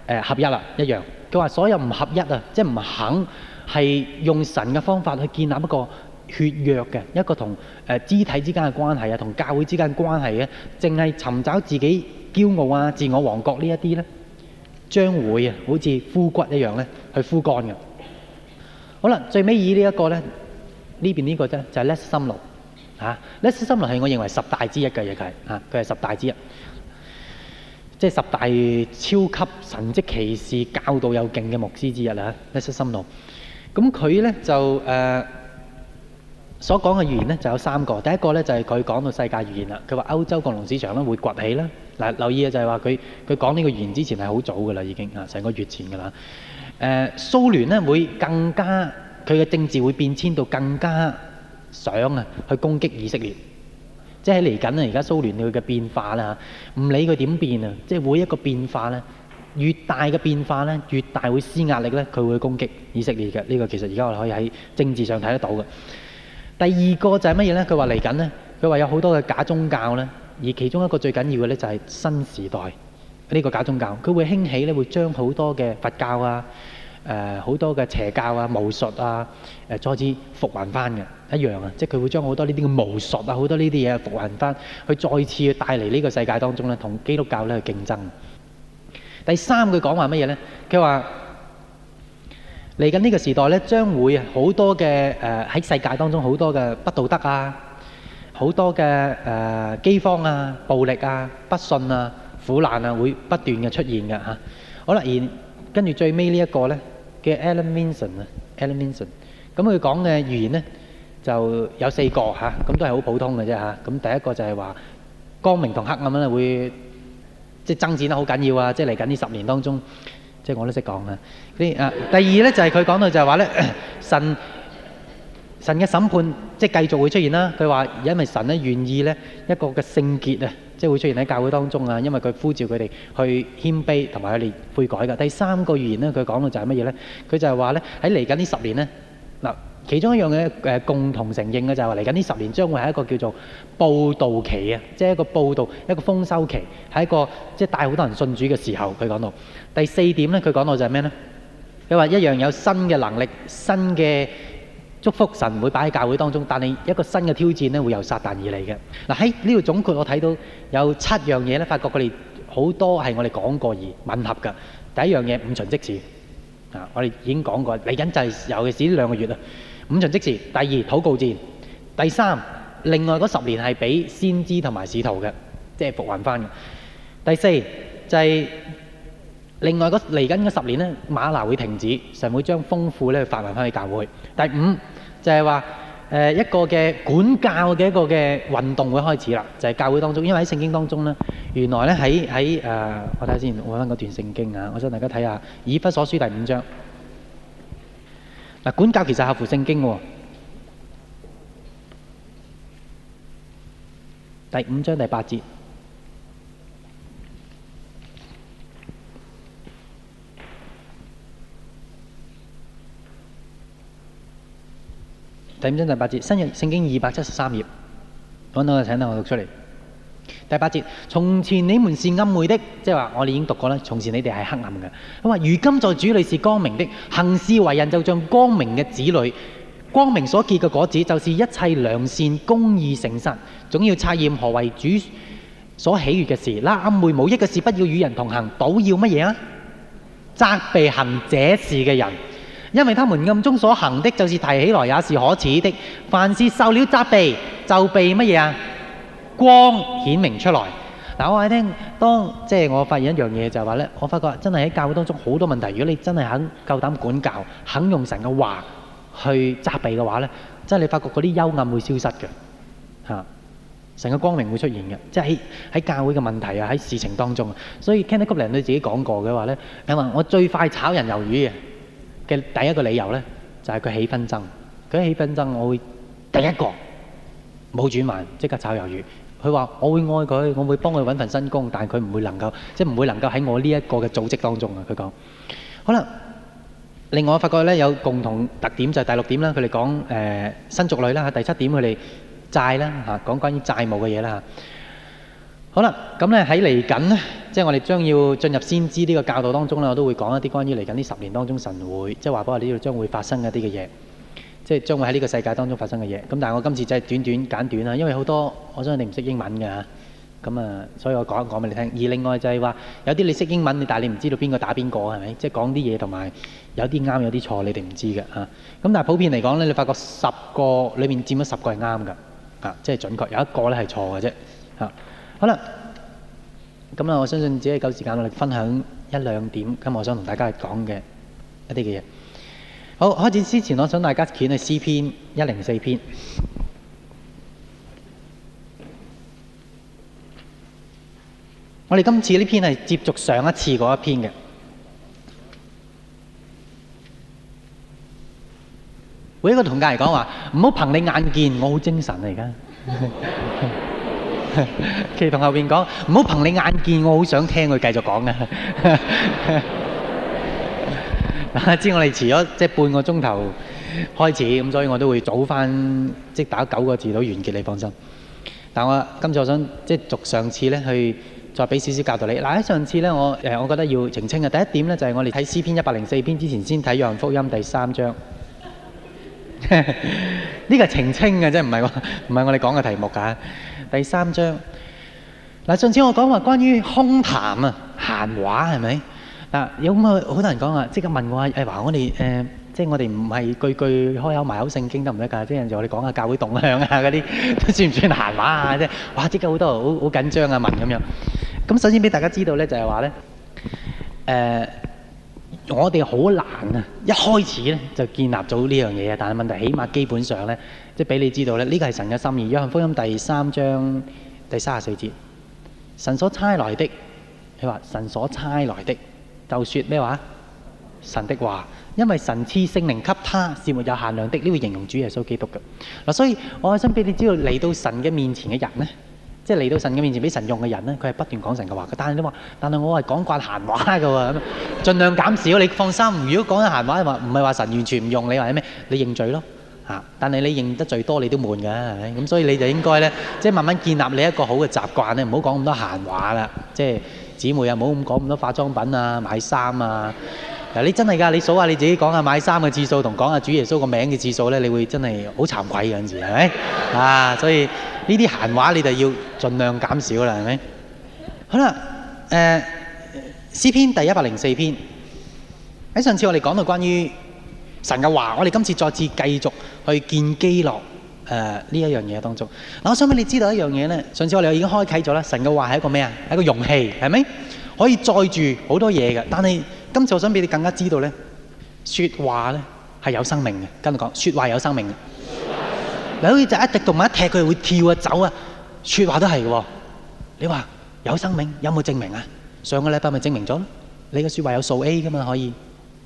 A: 誒合一啦，一樣。佢話所有唔合一啊，即係唔肯係用神嘅方法去建立一個血約嘅一個同誒、呃、肢體之間嘅關係啊，同教會之間嘅關係咧，淨係尋找自己驕傲啊、自我王國這些呢一啲咧，將會啊，好似枯骨一樣咧，去枯乾嘅。好啦，最尾以呢一個咧、啊，呢邊呢個咧，就係 Lessham 路嚇。Lessham 路係我認為是十大之一嘅嘢嚟嚇，佢係十大之一。即係十大超級神蹟奇士，教導有勁嘅牧師之一啦。阿失心奴，咁佢呢就誒、呃、所講嘅預言呢就有三個。第一個呢就係、是、佢講到世界預言啦。佢話歐洲共同市場咧會崛起啦。嗱，留意嘅就係話佢佢講呢個預言之前係好早噶啦，已經啊成個月前噶啦。誒、呃、蘇聯呢會更加佢嘅政治會變遷到更加想啊去攻擊以色列。即係嚟緊啊！而家蘇聯佢嘅變化啦，唔理佢點變啊，即係每一個變化呢，越大嘅變化呢，越大會施壓力呢，佢會攻擊以色列嘅。呢個其實而家我哋可以喺政治上睇得到嘅。第二個就係乜嘢呢？佢話嚟緊呢，佢話有好多嘅假宗教呢，而其中一個最緊要嘅呢就係新時代，呢個假宗教，佢會興起呢，會將好多嘅佛教啊。誒、呃、好多嘅邪教啊、巫術啊，啊再次復還翻嘅一樣啊，即係佢會將好多呢啲嘅巫術啊、好多呢啲嘢復還翻，去再次帶嚟呢個世界當中咧，同基督教咧去競爭。第三句講話乜嘢呢？佢話嚟緊呢個時代呢，將會好多嘅喺、呃、世界當中好多嘅不道德啊，好多嘅誒、呃、饑荒啊、暴力啊、不信啊、苦難啊，會不斷嘅出現嘅嚇、啊。好啦，而跟住最尾呢一個呢。嘅 e l e m e n s o n 啊 e l e m e n s o n 咁佢講嘅預言咧就有四個吓，咁、啊、都係好普通嘅啫吓，咁、啊、第一個就係話光明同黑暗咧會即係爭戰得好緊要啊！即係嚟緊呢十年當中，即係我都識講啊。啲啊第二咧就係佢講到就係話咧神，神嘅審判即係繼續會出現啦。佢話因為神咧願意咧一個嘅聖潔啊。即係會出現喺教會當中啊，因為佢呼召佢哋去謙卑同埋佢哋悔改嘅。第三個預言咧，佢講到就係乜嘢咧？佢就係話咧喺嚟緊呢十年咧嗱，其中一樣嘅誒共同承認嘅就係話嚟緊呢十年將會係一個叫做報道期啊，即係一個報道一個豐收期，係一個即係帶好多人信主嘅時候。佢講到第四點咧，佢講到就係咩咧？佢話一樣有新嘅能力、新嘅。祝福神會擺喺教會當中，但係一個新嘅挑戰咧會由撒旦而嚟嘅。嗱喺呢度總括，我睇到有七樣嘢咧，發覺佢哋好多係我哋講過而吻合嘅。第一樣嘢五旬職事啊，我哋已經講過，嚟緊就係尤其是呢兩個月啊。五旬職事，第二禱告戰，第三，另外嗰十年係俾先知同埋使徒嘅，即係復還翻嘅。第四就係另外嗰嚟緊嗰十年咧，馬拿會停止，神會將豐富咧發還翻去教會。第五。就係話誒一個嘅管教嘅一個嘅運動會開始啦，就係教會當中，因為喺聖經當中咧，原來咧喺喺誒，我睇下先，我翻嗰段聖經啊，我想大家睇下《以弗所書》第五章。嗱，管教其實合乎聖經嘅喎，第五章第八節。第五章第八節，新約聖經二百七十三頁，揾到就請等我讀出嚟。第八節，從前你們是暗昧的，即係話我哋已經讀過啦。從前你哋係黑暗嘅，咁話如今在主裏是光明的，行事為人就像光明嘅子女，光明所結嘅果子就是一切良善公義誠實，總要察驗何為主所喜悦嘅事。嗱，暗昧無益嘅事，不要與人同行，倒要乜嘢啊？責備行這事嘅人。因為他們暗中所行的，就是提起來也是可恥的。凡是受了責備，就被乜嘢啊？光顯明出來。嗱，我話你聽，當即係我發現一樣嘢，就係話咧，我發覺真係喺教會當中好多問題。如果你真係肯夠膽管教，肯用神嘅話去責備嘅話咧，即係你發覺嗰啲幽暗會消失嘅嚇，神嘅光明會出現嘅。即係喺喺教會嘅問題啊，喺事情當中。所以 Kenneth Copeland，你自己講過嘅話咧，你話我最快炒人魷魚嘅。嘅第一個理由咧，就係佢起紛爭，佢起紛爭，我會第一個冇轉彎，即刻炒魷魚。佢話：我會愛佢，我會幫佢揾份新工，但係佢唔會能夠，即係唔會能夠喺我呢一個嘅組織當中啊！佢講。好喇，另外我發覺咧有共同特點就係第六點啦，佢哋講誒新族類啦嚇，第七點佢哋債啦嚇，講關於債務嘅嘢啦嚇。好啦，咁咧喺嚟緊咧，即係我哋將要進入先知呢個教導當中啦。我都會講一啲關於嚟緊呢十年當中神會，即係話俾我哋知道將會發生一啲嘅嘢，即係將會喺呢個世界當中發生嘅嘢。咁但係我今次真係短短簡短啦，因為好多我相信你唔識英文嘅嚇，咁啊，所以我講一講俾你聽。而另外就係話有啲你識英文，但你但係你唔知道邊個打邊個係咪，即係講啲嘢同埋有啲啱有啲錯，你哋唔知嘅嚇。咁但係普遍嚟講咧，你發覺十個裏面佔咗十個係啱嘅啊，即係準確有一個咧係錯嘅啫嚇。啊。好啦，咁啊，我相信只係夠時間，我哋分享一兩點咁，我想同大家講嘅一啲嘅嘢。好，開始之前，我想大家轉去詩篇一零四篇。我哋今次呢篇係接續上一次嗰一篇嘅。每一個同家嚟講話，唔好憑你眼見，我好精神啊！而家。佢同後邊講，唔好憑你眼見，我好想聽佢繼續講嘅。嗱，知我哋遲咗即係半個鐘頭開始，咁所以我都會早翻，即係打九個字到完結，你放心。但係我今次我想即係續上次咧，去再俾少少教導你。嗱，喺上次咧，我誒，我覺得要澄清嘅第一點咧，就係我哋睇詩篇一百零四篇之前，先睇約翰福音第三章。呢個係澄清嘅，即唔係話唔係我哋講嘅題目噶。第三章嗱，上次我講話關於空談啊、閒話係咪？嗱，有咁啊，好多人講話，即刻問我話誒，話我哋誒、呃，即係我哋唔係句句開口埋口聖經得唔得㗎，啲人哋我哋講下教會動向啊嗰啲，都算唔算閒話啊？即係哇，即刻好多好好緊張啊問咁樣。咁首先俾大家知道咧，就係話咧，誒、呃，我哋好難啊，一開始咧就建立咗呢樣嘢，但係問題，起碼基本上咧。俾你知道，這個是神的心意。 嚇！但係你認得最多，你都悶㗎，咁所以你就應該咧，即係慢慢建立你一個好嘅習慣咧，唔好講咁多閒話啦。即係姊妹啊，唔好咁講咁多化妝品啊、買衫啊。嗱，你真係㗎，你數下你自己講下買衫嘅次數同講下主耶穌個名嘅次數咧，你會真係好慚愧樣子係咪？啊，所以呢啲閒話你就要儘量減少啦，係咪？好啦，誒，詩篇第一百零四篇喺上次我哋講到關於神嘅話，我哋今次再次繼續去建基落誒呢一樣嘢當中。嗱，我想俾你知道一樣嘢咧。上次我哋已經開啓咗啦，神嘅話係一個咩啊？係一個容器，係咪？可以載住好多嘢嘅。但係今次我想俾你更加知道咧，說話咧係有生命嘅。跟住講，說話有生命嘅， 你好似就一隻動物一踢佢會跳啊走啊，說話都係喎。你話有生命有冇證明啊？上個禮拜咪證明咗咯？你嘅說話有數 A 㗎嘛可以，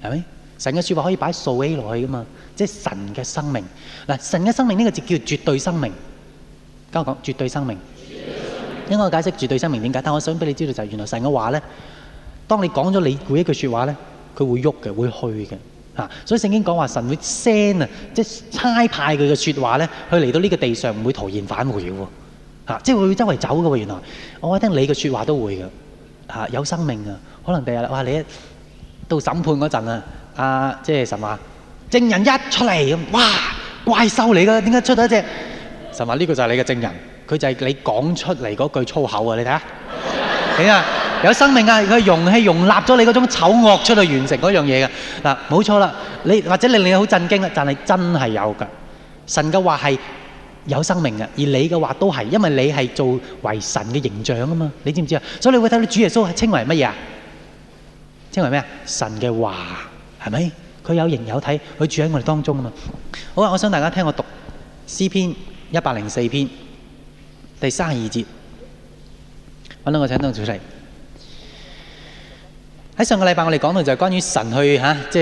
A: 係咪？神嘅說話可以擺數 A 落去噶嘛？即係神嘅生命。嗱，神嘅生命呢個字叫絕對生命。交我講絕，絕對生命，因為我解釋絕對生命點解。但我想俾你知道就係、是，原來神嘅話咧，當你講咗你每一句說話咧，佢會喐嘅，會去嘅。吓，所以聖經講話神會 send 啊，即係差派佢嘅說話咧，去嚟到呢個地上唔會徒然返回喎。吓，即係會周圍走嘅喎。原來我聽你嘅說話都會嘅。吓，有生命啊，可能第日哇你到審判嗰陣啊！啊，即係神話，證人一出嚟，哇，怪獸嚟噶，點解出咗一隻神話？呢、呢個就係你嘅證人，佢就係你講出嚟嗰句粗口啊！你睇下，點 啊？有生命啊！佢容器容納咗你嗰種醜惡出嚟，完成嗰樣嘢嘅嗱，冇、啊、錯啦！你或者令你好震驚啊，但係真係有噶。神嘅話係有生命嘅，而你嘅話都係，因為你係做為神嘅形象啊嘛！你知唔知啊？所以你會睇到主耶穌係稱為乜嘢啊？稱為咩啊？神嘅話。係咪？佢有形有體，佢住喺我哋當中啊嘛。好啊，我想大家聽我讀詩篇一百零四篇第三十二節。搵到我請到主席。喺上個禮拜我哋講到就關於神去吓、啊，即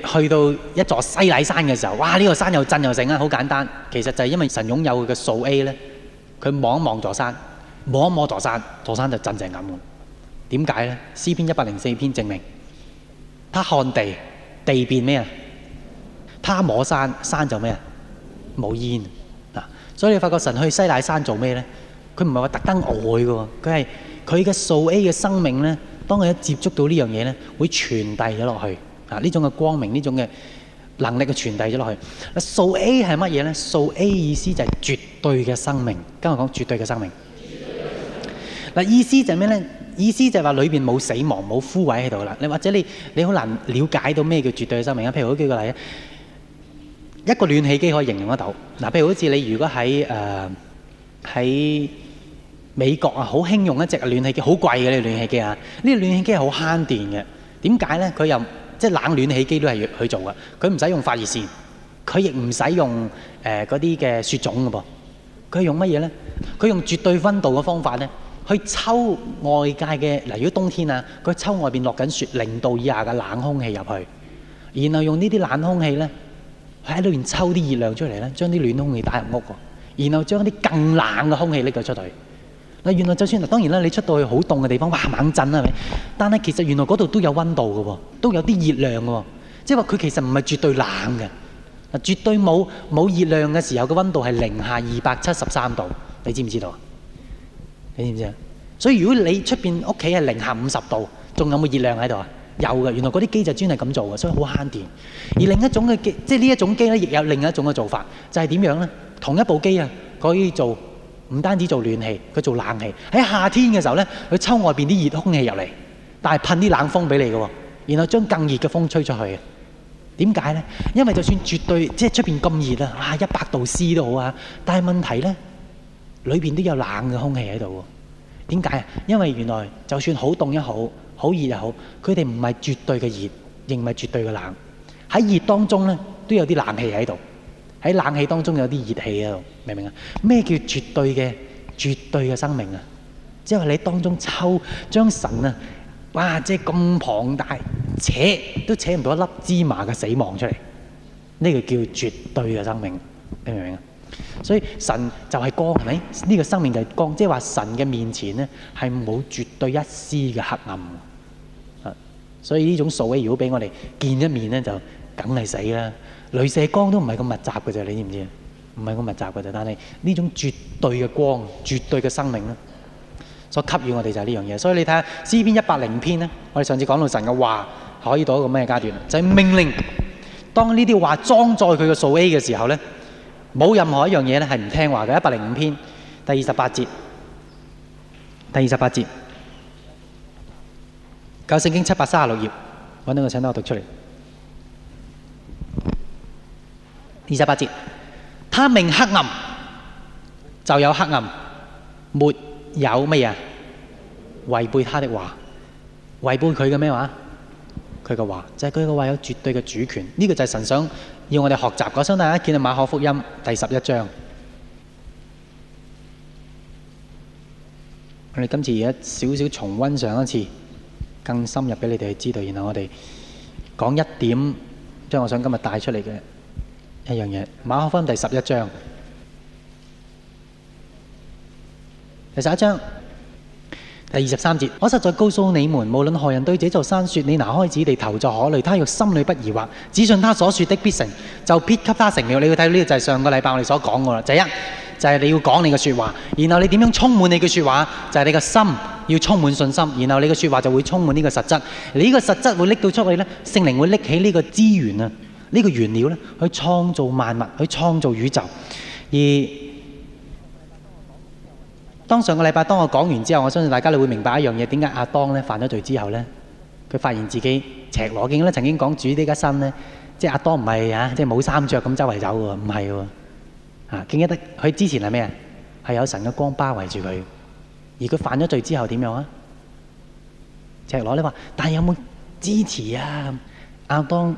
A: 係去到一座西禮山嘅時候，哇！呢、這個山又震又靜啊，好簡單。其實就係因為神擁有佢嘅數 A 咧，佢望一望座山，摸一摸座山，座山就震成咁。點解咧？詩篇一百零四篇證明，他看地。地變咩啊？他摸山，山就咩啊？冇煙嗱，所以你發覺神去西大山做咩咧？佢唔係話特登愛嘅喎，佢係佢嘅數 A 嘅生命咧。當佢一接觸到呢樣嘢咧，會傳遞咗落去啊！呢種嘅光明，呢種嘅能力嘅傳遞咗落去。數 A 係乜嘢咧？數 A 意思就係絕對嘅生命。今日講絕對嘅生命。嗱，意思就係咩咧？意思就係話裏邊冇死亡、冇枯萎喺度啦。你或者你你好難瞭解到咩叫絕對生命啊？譬如好舉個例，一個暖氣機可以形容得到。嗱，譬如好似你如果喺誒喺美國啊，好興用一隻暖氣機，好貴嘅呢個暖氣機啊。呢個暖氣機係好慳電嘅。點解咧？佢又即係冷暖氣機都係去做嘅。佢唔使用發熱線，佢亦唔使用誒嗰啲嘅雪種㗎噃。佢用乜嘢咧？佢用絕對温度嘅方法咧。去抽外界嘅，例如冬天啊，佢抽外邊落緊雪零度以下嘅冷空氣入去，然後用呢啲冷空氣咧，喺裏邊抽啲熱量出嚟咧，將啲暖空氣打入屋喎，然後將啲更冷嘅空氣拎佢出去。嗱，原來就算嗱，當然啦，你出到去好凍嘅地方，哇，猛震啦，係咪？但係其實原來嗰度都有温度嘅喎，都有啲熱量嘅喎，即係話佢其實唔係絕對冷嘅。嗱，絕對冇冇熱量嘅時候嘅温度係零下二百七十三度，你知唔知道？你知唔知啊？所以如果你出邊屋企係零下五十度，仲有冇熱量喺度啊？有嘅，原來嗰啲機就專係咁做嘅，所以好慳電。而另一種嘅機，即係呢一種機咧，亦有另一種嘅做法，就係點樣咧？同一部機啊，可以做唔單止做暖氣，佢做冷氣。喺夏天嘅時候咧，佢抽外邊啲熱空氣入嚟，但係噴啲冷風俾你嘅，然後將更熱嘅風吹出去。點解咧？因為就算絕對即係出邊咁熱啊，啊一百度 C 都好啊，但係問題咧。裏邊都有冷嘅空氣喺度喎，點解啊？因為原來就算好凍也好，好熱也好，佢哋唔係絕對嘅熱，亦唔係絕對嘅冷。喺熱當中咧都有啲冷氣喺度，喺冷氣當中有啲熱氣喺度，明唔明啊？咩叫絕對嘅、絕對嘅生命啊？即係話你當中抽將神啊，哇！即係咁龐大，扯都扯唔到一粒芝麻嘅死亡出嚟，呢個叫絕對嘅生命，明唔明啊？所以神就係光，係咪呢個生命就係光？即係話神嘅面前咧，係冇絕對一絲嘅黑暗。啊，所以呢種數 A 如果俾我哋見一面咧，就梗係死啦。鐳射光都唔係咁密集嘅啫，你知唔知啊？唔係咁密集嘅啫，但係呢種絕對嘅光，絕對嘅生命咧，所給予我哋就係呢樣嘢。所以你睇下《詩篇》一百零篇咧，我哋上次講到神嘅話可以到一個咩階段？就係命令。當呢啲話裝載佢嘅數 A 嘅時候咧。冇任何一樣嘢咧係唔聽話嘅，一百零五篇第二十八節，第二十八節，舊聖經七百三十六頁，搵到個請到我讀出嚟。二十八節，他命黑暗，就有黑暗，沒有咩嘢違背他的話，違背佢嘅咩話？佢嘅話就係佢嘅話有絕對嘅主權，呢個就係神想。要我哋學習嗰陣，大家見到馬可福音第十一章。我哋今次而家少少重溫上一次，更深入俾你哋去知道。然後我哋講一點，即係我想今日帶出嚟嘅一樣嘢。馬可福音第十一章，第十一章。第二十三節，我實在告訴你們，無論何人對這座山說：你挪開此地，投在海裏。他若心裏不疑惑，只信他所說的必成就，必給他成了。你會睇到呢個就係上個禮拜我哋所講嘅啦。第一就係、是、你要講你嘅說話，然後你點樣充滿你嘅說話？就係、是、你嘅心要充滿信心，然後你嘅說話就會充滿呢個實質。你呢個實質會拎到出去呢，聖靈會拎起呢個資源啊，呢、這個原料呢去創造萬物，去創造宇宙。而當上個禮拜當我講完之後，我相信大家你會明白一樣嘢，點解阿當咧犯咗罪之後咧，佢發現自己赤裸。我見咧曾經講主呢啲心咧，即係阿當唔係啊，即係冇衫着咁周圍走噶，唔係噶，吓見一得佢之前係咩啊？係有神嘅光包圍住佢，而佢犯咗罪之後點樣啊？赤裸你話，但係有冇支持啊？阿當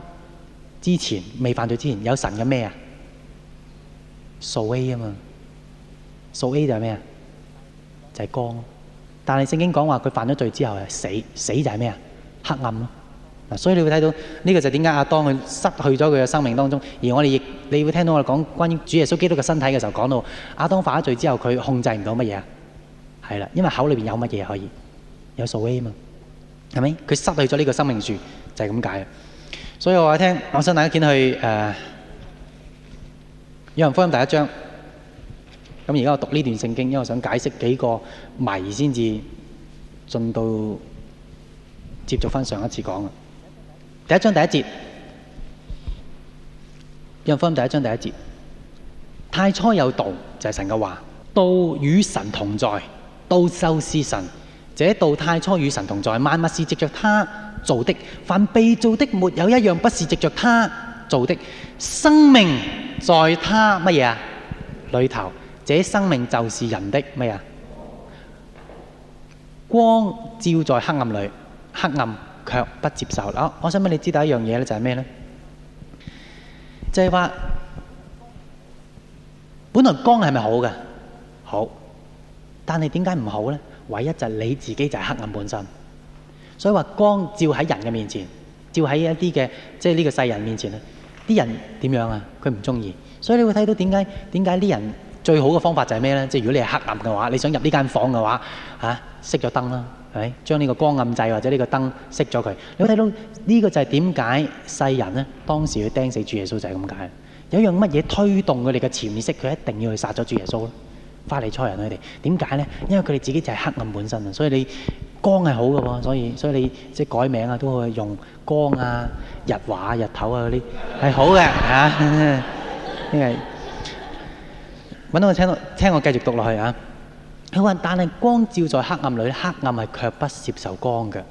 A: 之前未犯罪之前有神嘅咩啊？素 A 啊嘛，素 A 就係咩啊？係、就係、光，但係聖經講話佢犯咗罪之後係死，死就係咩啊？黑暗咯，嗱，所以你會睇到呢、呢個就點解阿當佢失去咗佢嘅生命當中，而我哋亦你會聽到我哋講關於主耶穌基督嘅身體嘅時候，講到阿當犯咗罪之後佢控制唔到乜嘢啊？係啦，因為口裏邊有乜嘢可以有所謂啊嘛，係咪？佢失去咗呢個生命樹就係咁解，所以我話聽，我想睇一睇去誒，約翰福音第一章。咁而家我讀呢段聖經，因為我想解釋幾個謎，先至進到接續翻上一次講嘅第一章第一節，約翰第一章第一節。太初有道，就係神嘅話。道與神同在，道就是神。這道太初與神同在，萬物是藉着祂做的。凡被造的，沒有一樣不是藉着祂做的。生命在他乜嘢啊？裏頭。這生命就是人的咩啊？光照在黑暗裏，黑暗卻不接受。我、啊、我想問你知道一樣嘢咧，就係咩呢？就係、是、話，本來光係咪好嘅？好，但係點解唔好呢？唯一就係你自己就係黑暗本身，所以話光照喺人嘅面前，照喺一啲嘅即係呢個世人面前啊！啲人點樣啊？佢唔中意，所以你會睇到點解點解啲人？最好嘅方法就係咩呢？即係如果你係黑暗嘅話，你想入呢間房嘅話，嚇熄咗燈啦，係咪將呢個光暗掣或者呢個燈熄咗佢。你會睇到呢個就係點解世人呢，當時去釘死主耶穌就係咁解。有一樣乜嘢推動佢哋嘅潛意識，佢一定要去殺咗主耶穌咧？法利賽人佢哋點解呢？因為佢哋自己就係黑暗本身啊！所以你光係好嘅喎，所以所以你即係改名啊，都會用光啊、日華、日頭啊嗰啲係好嘅嚇，因為。揾到我聽，聽我繼續讀落去啊！佢話：但係光照在黑暗裏，黑暗係卻不接受光嘅。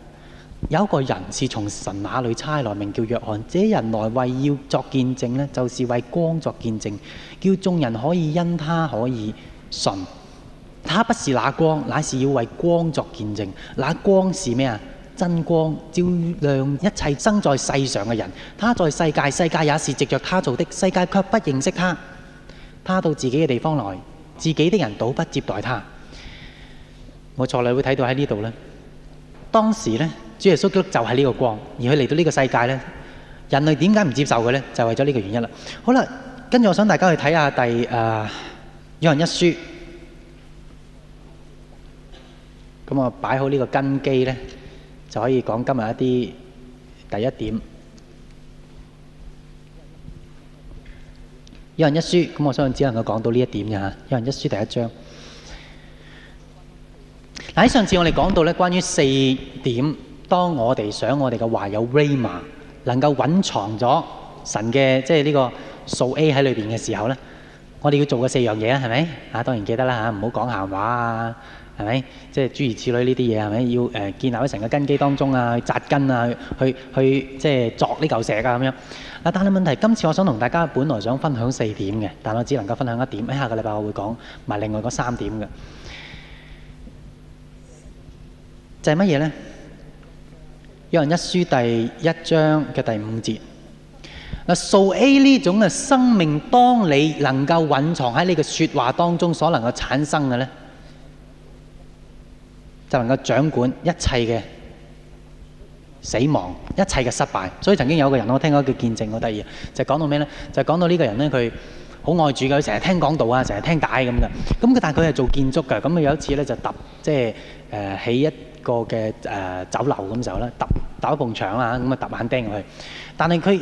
A: 有一個人是從神那裏差來，名叫約翰。這人來為要作見證呢就是為光作見證，叫眾人可以因他可以信。他不是那光，乃是要為光作見證。那光是咩啊？真光照亮一切生在世上嘅人。他在世界，世界也是藉著他做的，世界卻不認識他。他到自己嘅地方來，自己的人倒不接待他。我錯例會睇到喺呢度咧。當時咧，主耶穌就係呢個光，而佢嚟到呢個世界咧，人類點解唔接受佢咧？就為咗呢個原因啦。好啦，跟住我想大家去睇下第誒約翰一書，咁我擺好呢個根基咧，就可以講今日一啲第一點。有人一書，咁我相信只能夠講到呢一點嘅。有人一書第一章。喺上次我哋講到咧，關於四點，當我哋想我哋嘅話有 Rayma 能夠蘊藏咗神嘅，即係呢個數 A 喺裏邊嘅時候咧，我哋要做嘅四樣嘢咧，係咪？啊，當然記得啦嚇，唔好講閒話啊！係咪？即係諸如此類呢啲嘢係咪？要誒建立喺成個根基當中啊，去扎根啊，去去即係鑿呢嚿石啊咁樣。啊，但係問題，今次我想同大家本來想分享四點嘅，但我只能夠分享一點。下個禮拜我會講埋另外嗰三點嘅，就係乜嘢呢？約翰一書第一章嘅第五節，嗱數 A 這種呢種嘅生命，當你能夠隱藏喺呢個説話當中所能夠產生嘅呢。就能夠掌管一切嘅死亡，一切嘅失敗。所以曾經有個人，我聽講佢見證過第二，就講到咩咧？就講到呢個人咧，佢好愛主嘅，佢成日聽講道啊，成日聽帶咁嘅。咁佢但係佢係做建築嘅。咁佢有一次咧，就揼即係誒起一個嘅誒酒樓咁時候咧，揼打一埲牆啊，咁啊揼眼釘去。但係佢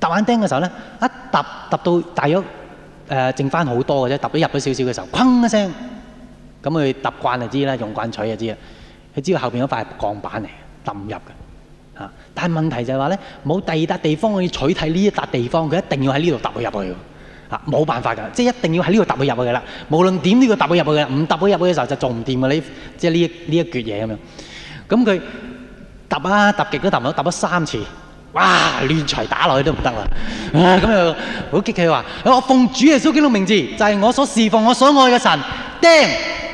A: 揼眼釘嘅時候咧，一揼揼到大約誒剩翻好多嘅啫，揼咗入咗少少嘅時候，哐一聲。咁佢揼慣就知啦，用慣取就知啦。佢知道後邊嗰塊係鋼板嚟，揼唔入嘅。嚇！但係問題就係話咧，冇第二笪地方可以取替呢一笪地方，佢一定要喺呢度揼佢入去㗎。嚇！冇辦法㗎，即係一定要喺呢度揼佢入去㗎啦。無論點都要揼佢入去嘅，唔揼佢入去嘅時候就做唔掂㗎。你即係呢呢一橛嘢咁樣。咁佢揼啊揼極都揼唔到，揼咗三次。哇！亂錘打落去都唔得啦，咁、啊、又好激氣話：我奉主耶穌基督名字，就係、是、我所侍奉我所愛嘅神，釘入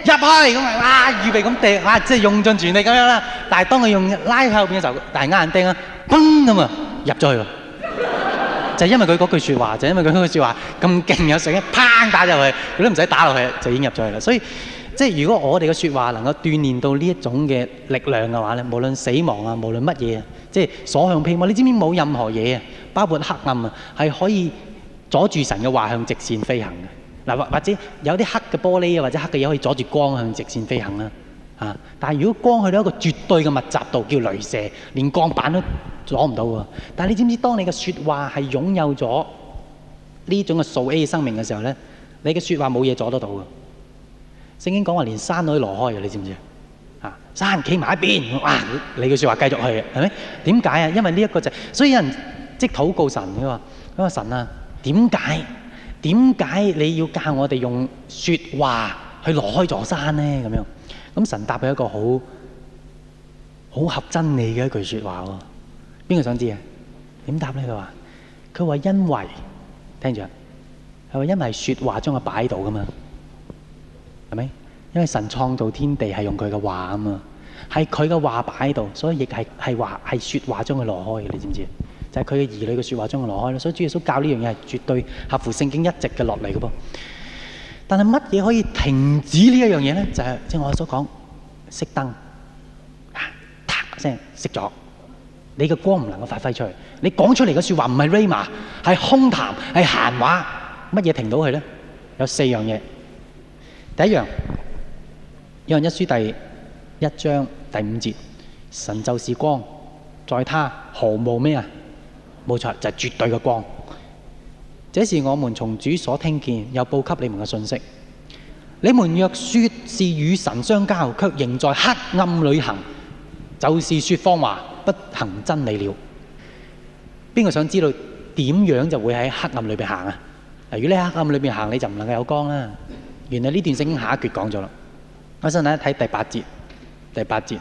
A: 去咁啊！預備咁釘，啊，即係用盡全力咁樣啦。但係當佢用拉喺後邊嘅時候，大眼啱啱釘啊，砰咁啊，入咗去啦。就是、因為佢嗰句説話，就是、因為佢嗰句説話咁勁有成，一砰打入去，佢都唔使打落去，就已經入咗去啦。所以即係如果我哋嘅説話能夠鍛鍊到呢一種嘅力量嘅話咧，無論死亡啊，無論乜嘢。即係所向披靡，你知唔知冇任何嘢啊？包括黑暗啊，係可以阻住神嘅話向直線飛行嘅嗱，或或者有啲黑嘅玻璃啊，或者黑嘅嘢可以阻住光向直線飛行啦啊！但係如果光去到一個絕對嘅密集度，叫雷射，連鋼板都阻唔到啊。但係你知唔知，當你嘅説話係擁有咗呢種嘅數 A 生命嘅時候咧，你嘅説話冇嘢阻得到嘅。聖經講話連山都可以挪開嘅，你知唔知啊？山企埋一邊，哇！你嘅説話繼續去，係咪？點解啊？因為呢一個就，所以有人即係禱告神，佢話：，佢話神啊，點解點解你要教我哋用説話去挪開座山呢？咁樣，咁神答佢一個好好合真理嘅一句説話喎。邊個想知啊？點答咧？佢話：，佢話因為聽住，係咪因為説話將佢擺喺度噶嘛？係咪？因為神創造天地係用佢嘅話啊嘛。係佢嘅話擺喺度，所以亦係係話係説話將佢挪開嘅，你知唔知？就係佢嘅兒女嘅説話將佢挪開啦。所以主耶穌教呢樣嘢係絕對合乎聖經一直嘅落嚟嘅噃。但係乜嘢可以停止呢一樣嘢咧？就係即係我所講熄燈，啊，啪聲熄咗，你嘅光唔能夠發揮出去。你講出嚟嘅説話唔係 Ray 馬，係空談，係閒話。乜嘢停到佢咧？有四樣嘢。第一樣，一問一書，第二。一章第五節，神就是光，在他毫無咩啊？冇錯，就係、是、絕對嘅光。這是我們從主所聽見，又報給你們嘅信息。你們若說是與神相交，卻仍在黑暗裏行，就是說謊話，不行真理了。邊個想知道點樣就會喺黑暗裏邊行啊？如果你喺黑暗裏邊行，你就唔能夠有光啦。原來呢段聖經下一節講咗啦。我哋先睇一睇第八節。第八節。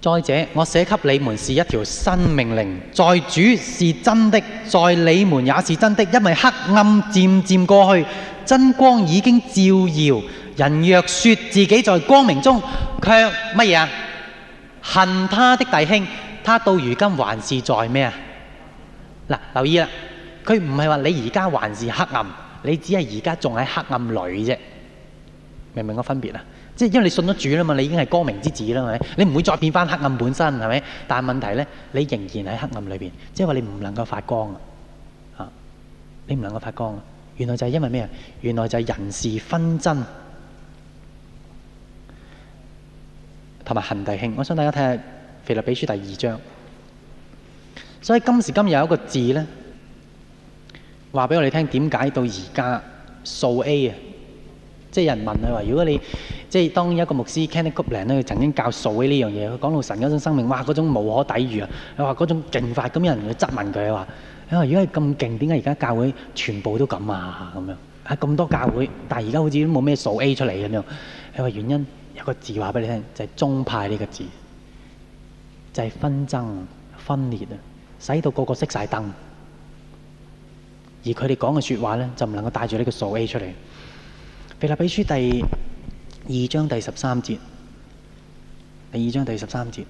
A: 再者，我寫給你們是一條新命令，在主是真的，在你們也是真的。因為黑暗漸漸過去，真光已經照耀。人若說自己在光明中，却乜嘢啊？恨他的弟兄，他到如今還是在咩啊？嗱，留意啦，佢唔係話你而家還是黑暗，你只係而家仲喺黑暗裏啫。明唔明個分別啊，即係因為你信咗主啦嘛，你已經係光明之子啦，係咪？你唔會再變翻黑暗本身，係咪？但係問題咧，你仍然喺黑暗裏邊，即係話你唔能夠發光啊！啊，你唔能夠發光啊！原來就係因為咩啊？原來就係人事紛爭同埋恨弟兄。我想大家睇下《腓立比書》第二章。所以今時今日有一個字咧，話俾我哋聽點解到而家數 A 啊？即係人問佢話，如果你即係當一個牧師 Kenneth Copeland 咧，佢 曾經教數 A 呢樣嘢，佢講到神嗰種生，生命，哇！嗰種無可抵禦啊！佢話嗰種勁法。咁有人去質問佢話，因為如果係咁勁，點解而家教會全部都咁啊？咁樣啊咁多教會，但係而家好似都冇咩數 A 出嚟咁樣，佢話原因有一個字話俾你聽，就係、是、宗派呢個字，就係、是、紛爭分裂啊，使到個個熄晒燈，而佢哋講嘅說話咧，就唔能夠帶住呢個數 A 出嚟。腓立比書第二章第十三節，第二章第十三節，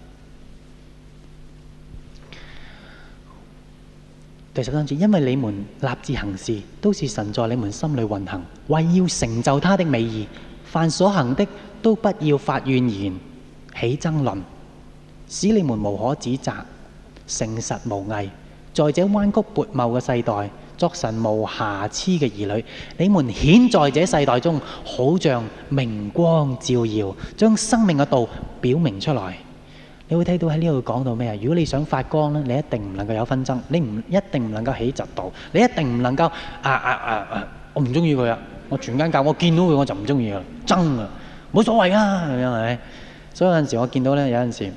A: 第十三節，因為你們立志行事，都是神在你們心裏運行，為要成就他的美意。凡所行的，都不要發怨言，起爭論，使你們無可指責，誠實無偽。在這彎曲悖謬嘅世代。作神無瑕疵嘅兒女，你們顯在這世代中，好像明光照耀，將生命嘅道表明出來。你會睇到喺呢度講到咩啊？如果你想發光呢，你一定唔能夠有紛爭，你唔一定唔能夠起嫉妒，你一定唔能夠啊啊啊啊！我唔中意佢啊，我全間教我見到佢我就唔中意佢啊，爭啊，冇所謂啊，咁樣係咪？所以有陣時我見到呢，有陣時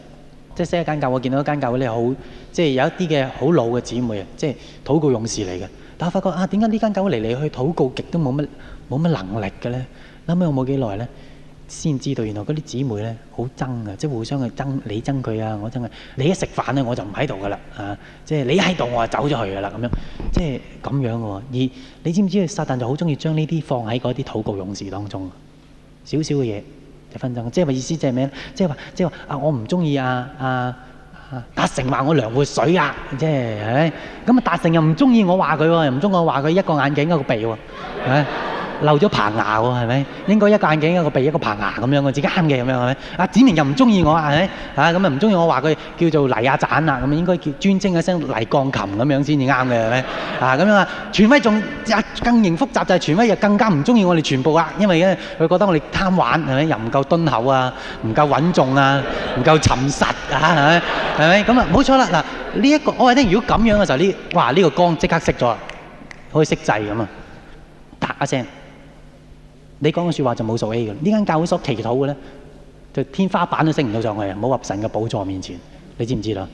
A: 即係細一間教會，我見到一間教會你好即係有一啲嘅好老嘅姊妹啊，即係禱告勇士嚟嘅。但我發覺啊，點解呢間教會嚟嚟去去禱告極都冇乜冇乜能力嘅咧？諗屘我冇幾耐咧，先知道原來嗰啲姊妹咧好憎嘅，即係互相去憎你憎佢啊，我憎佢。你一食飯咧，我就唔喺度嘅啦，啊，即係你喺度，我就走咗去嘅啦，咁樣即係咁樣喎。而你知唔知道撒但就好中意將呢啲放喺嗰啲禱告勇士當中？少少嘅嘢一紛爭，即係咪意思即係咩即係話，即係話啊，我唔中意啊啊！啊達成話我涼過水啊！即係，咁啊達成又唔中意我話佢喎，又唔中我話佢一個眼鏡一個鼻喎，係咪？漏咗棚牙喎，係咪？應該一個眼鏡一個鼻一個棚牙咁樣嘅，先啱嘅，係咪？子明又唔中意我，係咪？咁又唔中意我，話佢叫做黎亞盞啊，應該咁應該叫尊稱一聲黎鋼琴咁樣先至啱嘅，係咪？啊咁樣全威仲更，更型複雜，就係、是、全威又更加唔中意我哋全部因為呢，佢覺得我哋貪玩係咪？又唔夠敦厚啊，唔夠穩重啊，唔夠沉實啊，係咪？係咪咁啊？冇錯啦！嗱，呢、這、一個我話咧，如果這樣嘅時候，呢哇呢、這個光即刻熄咗，可以熄掣咁嗒一聲。你講嘅説話就冇數 A 嘅，呢間教會所祈禱嘅咧，就天花板都升唔到上去啊！冇入神嘅寶座面前，你知唔知啦？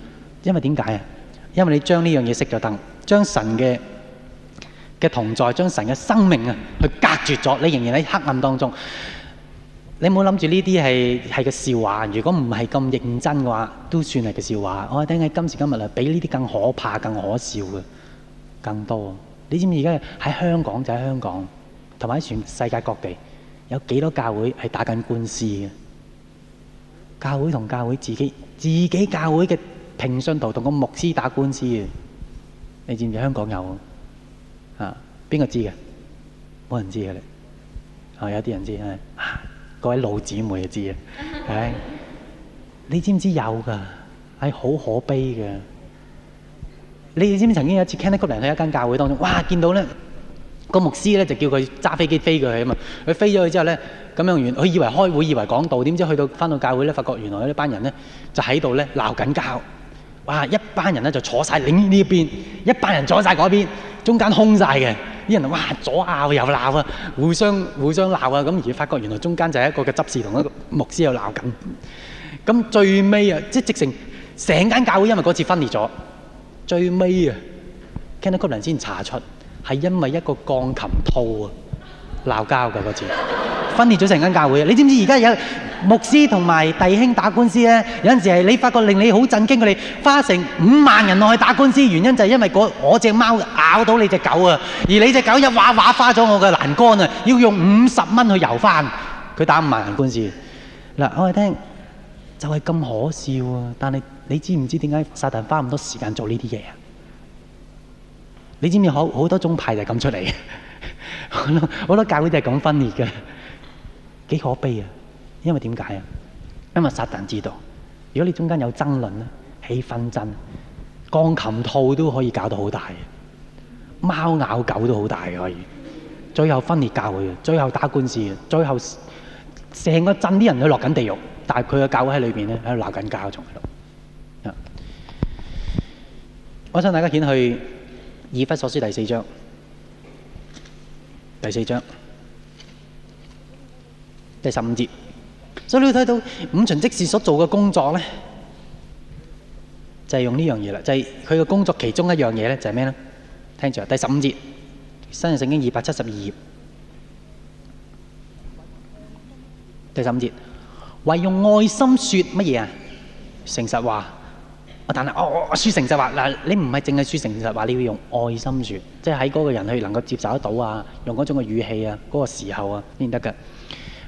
A: 因為點解啊？因為你將呢樣嘢熄咗燈，將神嘅嘅同在，將神嘅生命啊，去隔絕咗，你仍然喺黑暗當中。你唔好諗住呢啲係係個笑話，如果唔係咁認真嘅話，都算係個笑話。我哋睇喺今時今日啊，比呢啲更可怕、更可笑嘅更多。你知唔知而家喺香港就喺香港？同埋全世界各地有幾多教會係打緊官司嘅？教會同教會自己、自己教會嘅平信徒同個牧師打官司，你知唔知香港有啊？邊個知嘅？冇人知嘅你啊，有啲人知係、啊，各位老姊妹就知嘅。 你知唔知有㗎？係好可悲㗎。你哋知唔知曾經有一次 can i cup 嚟，喺一間教會當中，哇！見到咧～那個牧師咧就叫佢揸飛機飛過去啊嘛！佢、嗯、飛咗去之後咧，咁樣完，佢以為開會，以為講道，點知去到翻到教會咧，發覺原來呢班人咧就喺度咧鬧緊交。哇！一班人咧就坐晒呢呢一邊，一班人坐晒嗰邊，中間空晒嘅。啲人哇左拗右鬧啊，互相互相鬧啊，咁、嗯、而發覺原來中間就係一個嘅執事同一個牧師又鬧緊。咁、嗯、最尾啊，即係直成成間教會因為嗰次分裂咗。最尾啊，Ken Douglas 先查出。係因為一個鋼琴套啊鬧交㗎嗰次，分裂咗成間教會。你知唔知而家有牧師同埋弟兄打官司呢？有陣時係你發覺令你好震驚，他們，佢哋花成五萬人落去打官司，原因就係因為我隻貓咬到你隻狗啊，而你隻狗一畫畫花咗我嘅欄杆啊，要用五十蚊去遊返佢打五萬人官司。嗱，我哋聽就係咁可笑啊！但係你知唔知點解撒旦花咁多時間做呢啲嘢啊？你知唔知好好多宗派就係咁出嚟？好多教會都係咁分裂嘅，幾可悲啊！因為點解啊？因為撒但知道，如果你中間有爭論咧，起紛爭，鋼琴套都可以搞到好大嘅，貓咬狗都好大嘅可以。最後分裂教會，最後打官司，最後成個鎮啲人都落緊地獄，但係佢嘅教會喺裏邊咧，喺度鬧緊交仲喺度。Yeah. 我想大家點去？以弗所書第四章，第四章，第十五節，所以你要睇到五旬職事所做嘅工作咧，就係用呢樣嘢啦，就係佢嘅工作其中一樣嘢咧，就係咩咧？聽住啊，第十五節，新人聖經二百七十二頁，第十五節，唯用愛心說乜嘢啊？誠實話。但係、哦、我我我説誠實話嗱，你唔係淨係説誠實話你要用愛心説，即係喺嗰個人去能夠接受得到啊，用嗰種嘅語氣啊，嗰、那個時候啊先得㗎。誒、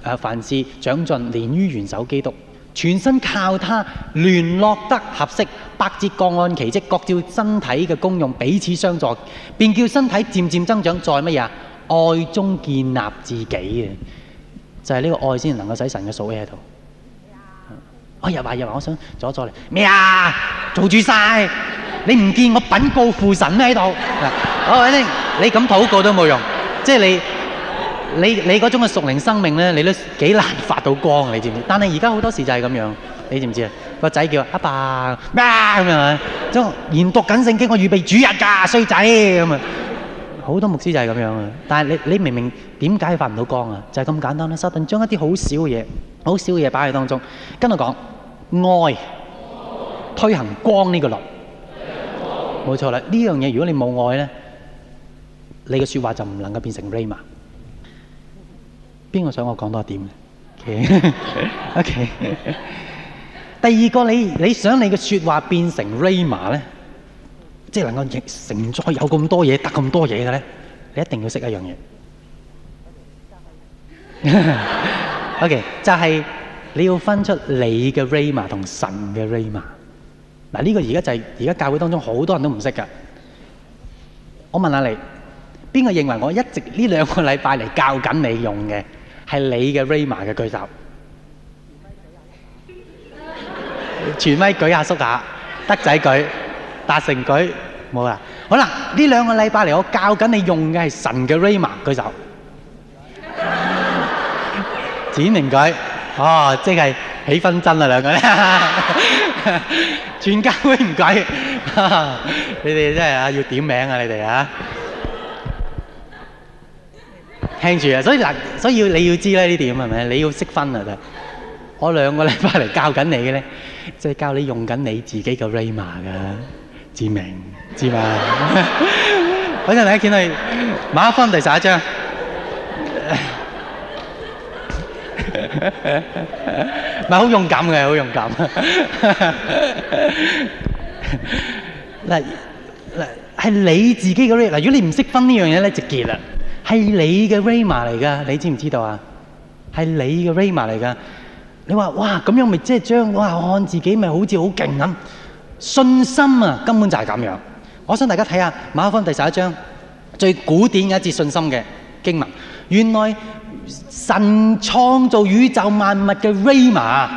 A: 啊，凡事長進，連於元首基督，全身靠他聯絡得合適，百節各按其職，各照身體嘅功用彼此相助，便叫身體漸漸增長，在乜嘢啊？愛中建立自己嘅，就係、是、呢個愛先能夠使神嘅數起喺度。我又話又話，我想阻阻你咩啊？做住曬，你唔見我禀告父神喺度？好，反正你咁禱告都冇用，即係你你你嗰種嘅屬靈生命咧，你都幾難發到光，你知唔知？但係而家好多時就係咁樣，你知唔知啊？個仔叫阿爸咩啊咁啊，仲研讀緊聖經，我預備主日㗎衰仔咁啊！好多牧師就係咁樣啊，但係你你明明點解發唔到光啊？就係咁簡單啦，神突然將一啲好少嘅嘢。好少嘢擺喺當中，跟我講愛推行光呢個路，冇錯啦。呢樣嘢如果你冇愛咧，你嘅説話就唔能夠變成 Rhema。邊個想我講多一點？O.K. 第二個你你想你嘅説話變成 Rhema 咧，即係能夠承載有咁多嘢得咁多嘢嘅咧，你一定要識一樣嘢。OK，就係你要分出你嘅 Rhema 同神嘅 Rhema。嗱，呢個而家就係而家教會當中好多人都唔識噶。我問下你，邊個認為我一直呢兩個禮拜嚟教緊你用嘅係你嘅 Rhema 嘅舉手？全咪舉下，叔打得仔舉達成舉冇啦。好啦，呢兩個禮拜嚟我教緊你用嘅係神嘅 Rhema，舉手。志明佢，哦，即係起紛爭啦兩個咧，專家會唔改？你哋真係要點名啊！你哋啊，聽住啊！所以嗱，所以你要知咧呢點係咪？你要識分啊！我兩個禮拜嚟教緊你嘅咧，即係教你用緊你自己嘅 Rayma 噶，志明，知嘛？好啦，你喺邊度？馬太福音第十一章。唔係好勇敢嘅，好勇敢。嗱嗱，係你自己嗰 Ray。嗱，如果你唔識分呢樣嘢咧，直接啦。係你嘅 Rayma 嚟噶，你知唔知道啊？係你嘅 Rayma 嚟噶。你話哇咁樣咪即係將哇，看自己咪好似好勁咁。信心啊，根本就係咁樣。我想大家睇下馬可福音第十一章最古典嘅一節信心嘅經文。原來。神創造宇宙萬物嘅 rama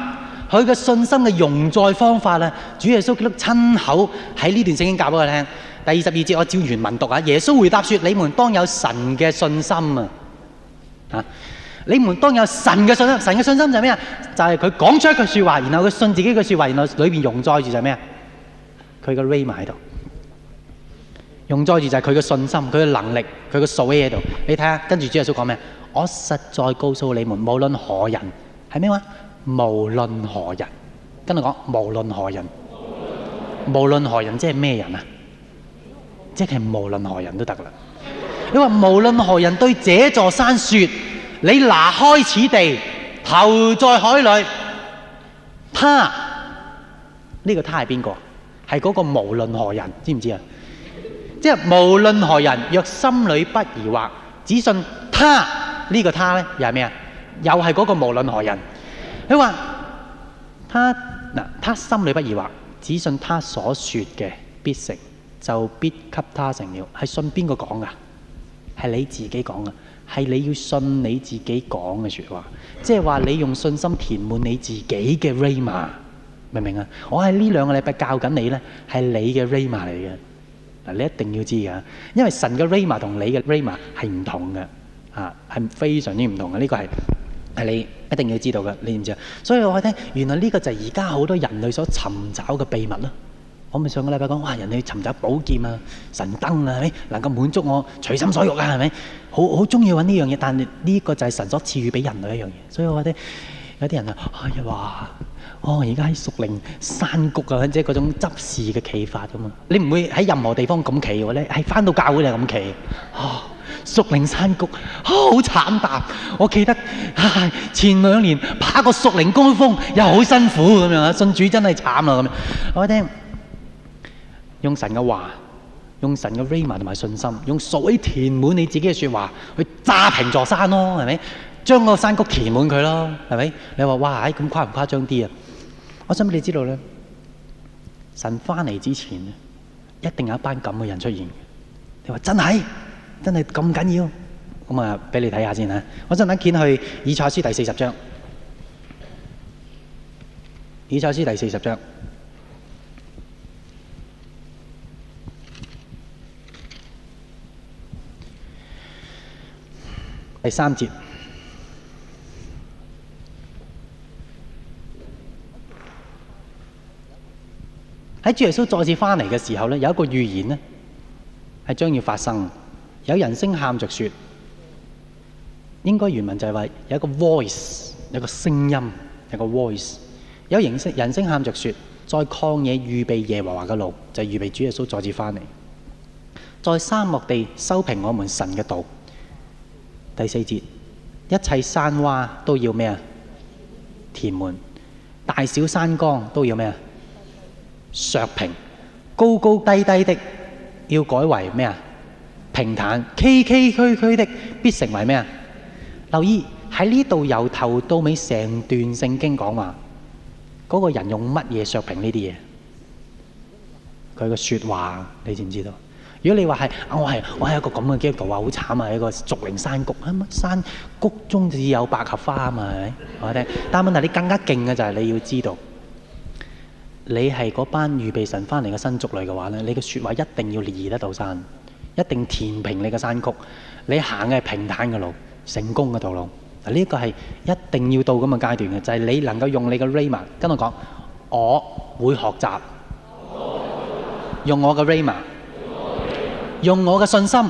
A: 佢嘅信心嘅容載方法啦，主耶穌基督親口喺呢段聖經教俾我聽。第二十二節，我照原文讀啊。耶穌回答說：你們當有神嘅信心啊，啊，你們當有神嘅信，信心。神嘅信心就係咩啊？就係佢講出一句說話，然後佢信自己嘅句說話，然後裏邊容載住就係咩啊？佢嘅 rama 喺度，容載住就係佢嘅信心，佢嘅能力，佢嘅數喺度。你睇下，跟住主耶穌講咩？我實在告訴你們，無論何人係咩話？無論何人，跟住講，無論何人，無論何人，無論何人即係咩人啊？即係無論何人都得啦。你話無論何人對這座山説：你拿開此地，投在海裏。他呢、這個他係邊個？係嗰個無論何人，知唔知啊？即係無論何人，若心裏不疑惑，只信他。呢個他呢，又係咩啊？又係嗰個無論何人，佢話：他嗱，他心裏不疑惑，只信他所説嘅必成，就必給他成了。係信邊個講噶？係你自己講噶，係你要信你自己講嘅説話，即係話你用信心填滿你自己嘅 Rhema，明唔明啊？我喺呢兩個禮拜教緊你呢，係你嘅 Rhema 嚟嘅。嗱，你一定要知噶，因為神嘅 Rhema 同你嘅 Rhema 係唔同嘅。啊，係非常之唔同嘅，呢個係係你一定要知道嘅，你唔知啊？所以我話咧，原來呢個就係而家好多人類所尋找嘅秘密咯、啊。我咪上個禮拜講，哇！人類尋找寶劍啊、神燈啊，係咪能夠滿足我隨心所欲啊？係咪好好中意揾呢樣嘢？但係呢個就係神所賜予俾人類一樣嘢。所以我話咧，有啲人啊，哎呀，哇！哦，而家喺熟靈山谷啊，即係嗰種執事嘅企法咁啊，你唔會喺任何地方咁企喎咧，係翻到教會就咁企。啊屬靈山谷好、哦、慘淡，我記得、哎、前兩年爬過屬靈高峰又好辛苦咁樣啊！信主真係慘啦咁，我聽用神嘅話，用神嘅 r a 同埋信心，用水填滿你自己嘅說話，去揸平座山咯，係咪？將個山谷填滿佢咯，係咪？你話哇，唉，咁誇唔誇張啲啊？我想俾你知道咧，神翻嚟之前一定有一班咁嘅人出現。你話真係？真係咁緊要，咁啊，俾你睇下先啊！我陣間揭去以賽亞書第四十章，以賽亞書第四十章，第三節。喺主耶穌再次翻嚟嘅時候咧，有一個預言咧，係將要發生。有人聲喊着説，應該原文就係話有一個 voice，有一個聲音，有一個 voice。有人聲人聲喊着説，在曠野預備耶和華嘅路，就係、是、預備主耶穌再次返嚟，在沙漠地修平我們神嘅道。第四節，一切山洼都要咩？填滿，大小山崗都要咩？削平，高高低低的要改為咩啊？平坦崎崎嶇嶇的，必成為咩啊？留意喺呢度由頭到尾成段聖經講話，嗰、那個人用乜嘢削平呢啲嘢？佢個說話，你知唔知道？如果你話係啊，我係我係一個咁嘅基督徒啊，好慘啊，一個竹林山谷啊，山谷中只有百合花啊嘛，係咪我聽。但係問題你更加勁嘅就係你要知道，你係嗰班預備神翻嚟嘅新族類嘅話咧，你嘅說話一定要移得到山。一定填平你嘅山谷，你行嘅平坦嘅路，成功嘅道路。嗱，呢一個係一定要到咁嘅階段嘅，就係、是、你能夠用你嘅 Rayma 跟我講，我會學習，用我嘅 Rayma，用我嘅信心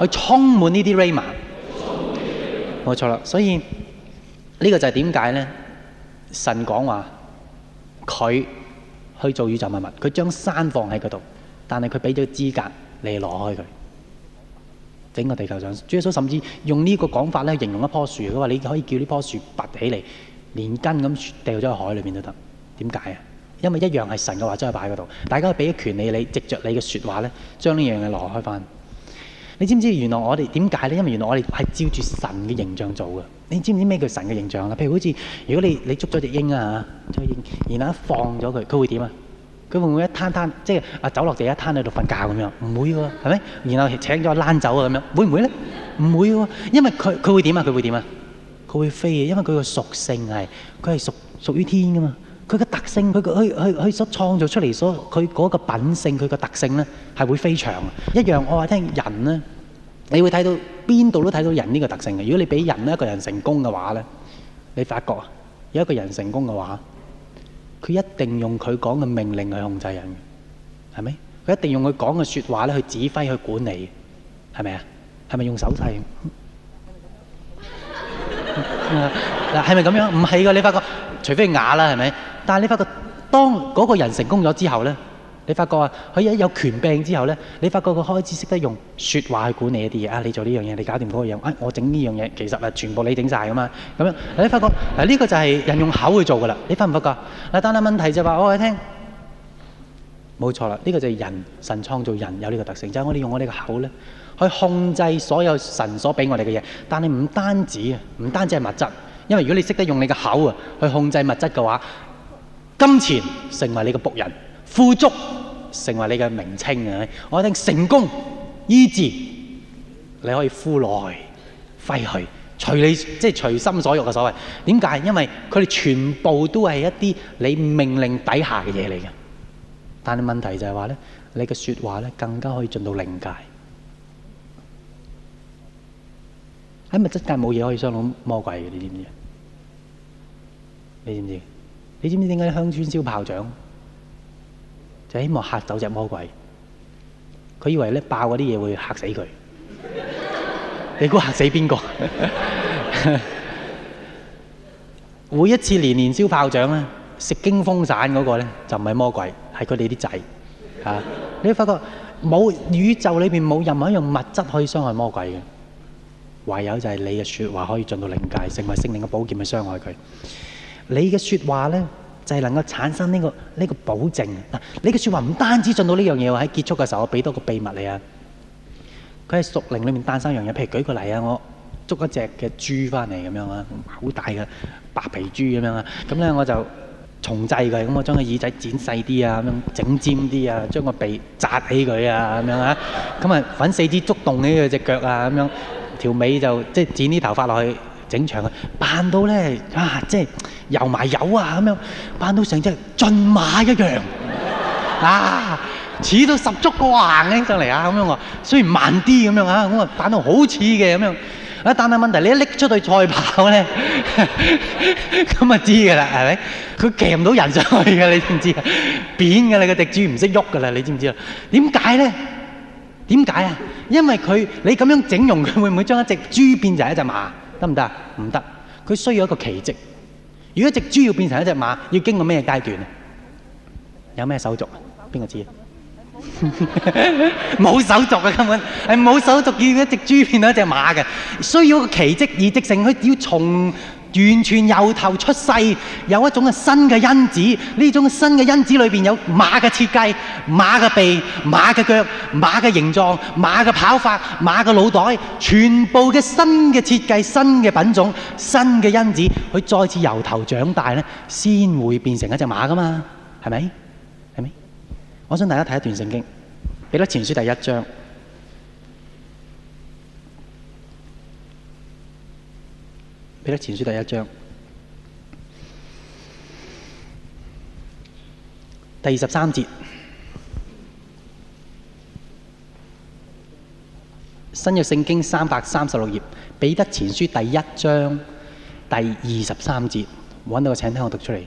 A: 去充滿呢啲 Rayma，冇錯啦。所以呢、這個就係點解呢？神講話佢去做宇宙萬物，物，佢將山放喺嗰度，但係佢俾咗資格。你攞開佢，整個地球上，主耶穌甚至用呢個講法咧形容一棵樹，佢話你可以叫呢棵樹拔起嚟，連根咁掉咗去海裏面都得。點解啊？因為一樣係神嘅話，話，將佢擺喺度，大家俾咗權利。你藉着你嘅説話咧，將呢樣嘢攞開翻。你知唔知原來我哋點解咧？因為原來我哋係照住神嘅形象做嘅。你知唔知咩叫神嘅形象咧？譬如好似如果你你捉咗隻鷹啊，然然後一放咗佢，佢會點啊？佢會唔會一攤攤，即係啊，走落地一攤喺度瞓覺咁樣？唔會喎，係咪？然後請咗佢走啊咁樣，會唔會咧？唔會喎，因為佢佢會點啊？佢會點啊？佢會飛嘅，因為佢個屬性係，佢係屬屬於天㗎嘛。佢個特性，佢佢佢佢所創造出嚟所，佢嗰個品性，佢個特性咧係會飛翔。一樣，我話聽人咧，你會睇到邊度都睇到人呢個特性嘅。如果你俾人咧一個人成功嘅話咧，你發覺啊有一個人成功嘅話。佢一定用佢講嘅命令去控制人，係咪？佢一定用佢講嘅説話咧去指揮去管理，係咪啊？係咪用手勢？係咪咁樣？唔係㗎，你發覺除非啞啦，係咪？但係你發覺當嗰個人成功咗之後咧。你發覺啊，佢一有權病之後咧，你發覺佢開始識得用説話去管理一啲嘢啊！你做呢樣嘢，你搞掂嗰個嘢，啊，我整呢樣嘢，其實啊，全部你整晒噶嘛，咁樣。你發覺嗱，呢、啊這個就係人用口去做噶啦，你發唔發覺㗎？嗱，單單問題就嘛、是，我話你聽，冇錯啦，呢、這個就係人神創造人有呢個特性，就係、是、我哋用我哋個口咧去控制所有神所俾我哋嘅嘢，但係唔單止啊，唔單止係物質，因為如果你識得用你個口啊去控制物質嘅話，金錢成為你個僕人。富足成為你嘅名稱啊！我一定成功醫治，你可以呼來揮去，隨你即係隨心所欲嘅所謂。點解？因為佢哋全部都係一啲你命令底下嘅嘢嚟嘅。但係問題就係話咧，你嘅説話咧更加可以進到靈界。喺物質界冇嘢可以傷到魔鬼嘅，你知唔知啊？你知唔知？你知唔知點解鄉村燒炮仗？就希望嚇走隻魔鬼。佢以為咧爆嗰啲嘢會嚇死佢。你估嚇死邊個？ 每一次連年燒炮仗咧，食驚風散嗰個咧就唔係魔鬼，係佢哋啲仔。啊！ 你發覺冇？宇宙裏邊冇任何一樣物質可以傷害魔鬼嘅，唯有就係你嘅説話可以進到靈界，成為聖靈嘅寶劍去傷害佢。你嘅説話咧。就係、是、能夠產生呢、這個呢、這個保證嗱、啊，你嘅説話唔單止進到呢樣嘢喎，喺結束嘅時候，我俾多個秘密你啊。佢喺屬靈裏面誕生一樣嘢，譬如舉個例啊，我捉一隻嘅豬翻嚟咁樣啊，好大嘅白皮豬咁樣啊，咁咧我就重製佢，咁我將個耳仔剪細啲啊，咁樣整尖啲啊，將個鼻紮起佢啊，咁樣啊，咁啊粉四肢捉動起佢隻腳啊，咁樣條尾就即係剪啲頭髮落去。整場嘅扮到咧啊，即係油埋油啊，咁樣扮到成隻駿馬一樣啊，似到十足個行起上嚟啊，咁樣喎。雖然慢啲咁樣啊，咁啊扮到好似嘅咁樣啊，但係問題你一拎出去賽跑咧，咁啊知嘅啦，係咪？佢騎唔到人上去嘅，你知唔知啊？扁嘅啦，你個隻豬唔識喐嘅啦，你知唔知啊？點解咧？點解啊？因為佢你咁樣整容，佢會唔會將一隻豬變成一隻馬？得唔得？唔得，佢需要一個奇蹟。如果隻豬要變成一隻馬，要經過咩階段啊？有咩手續啊？邊個知？冇手續呀 根本係冇手續，手續，要一隻豬變到一隻馬嘅，需要個奇蹟而直成佢要從。完全由頭出世，有一種嘅新嘅因子。呢種新嘅因子裏邊有馬嘅設計、馬嘅鼻、馬嘅腳、馬嘅形狀、馬嘅跑法、馬嘅腦袋，全部嘅新嘅設計、新嘅品種、新嘅因子，佢再次由頭長大咧，先會變成一隻馬噶嘛？係咪？係咪？我想大家睇一段聖經，彼得前書第一章。彼得前書第一章第二十三節，新約聖經三百三十六頁，彼得前書第一章第二十三節，揾到個，請聽我讀出嚟。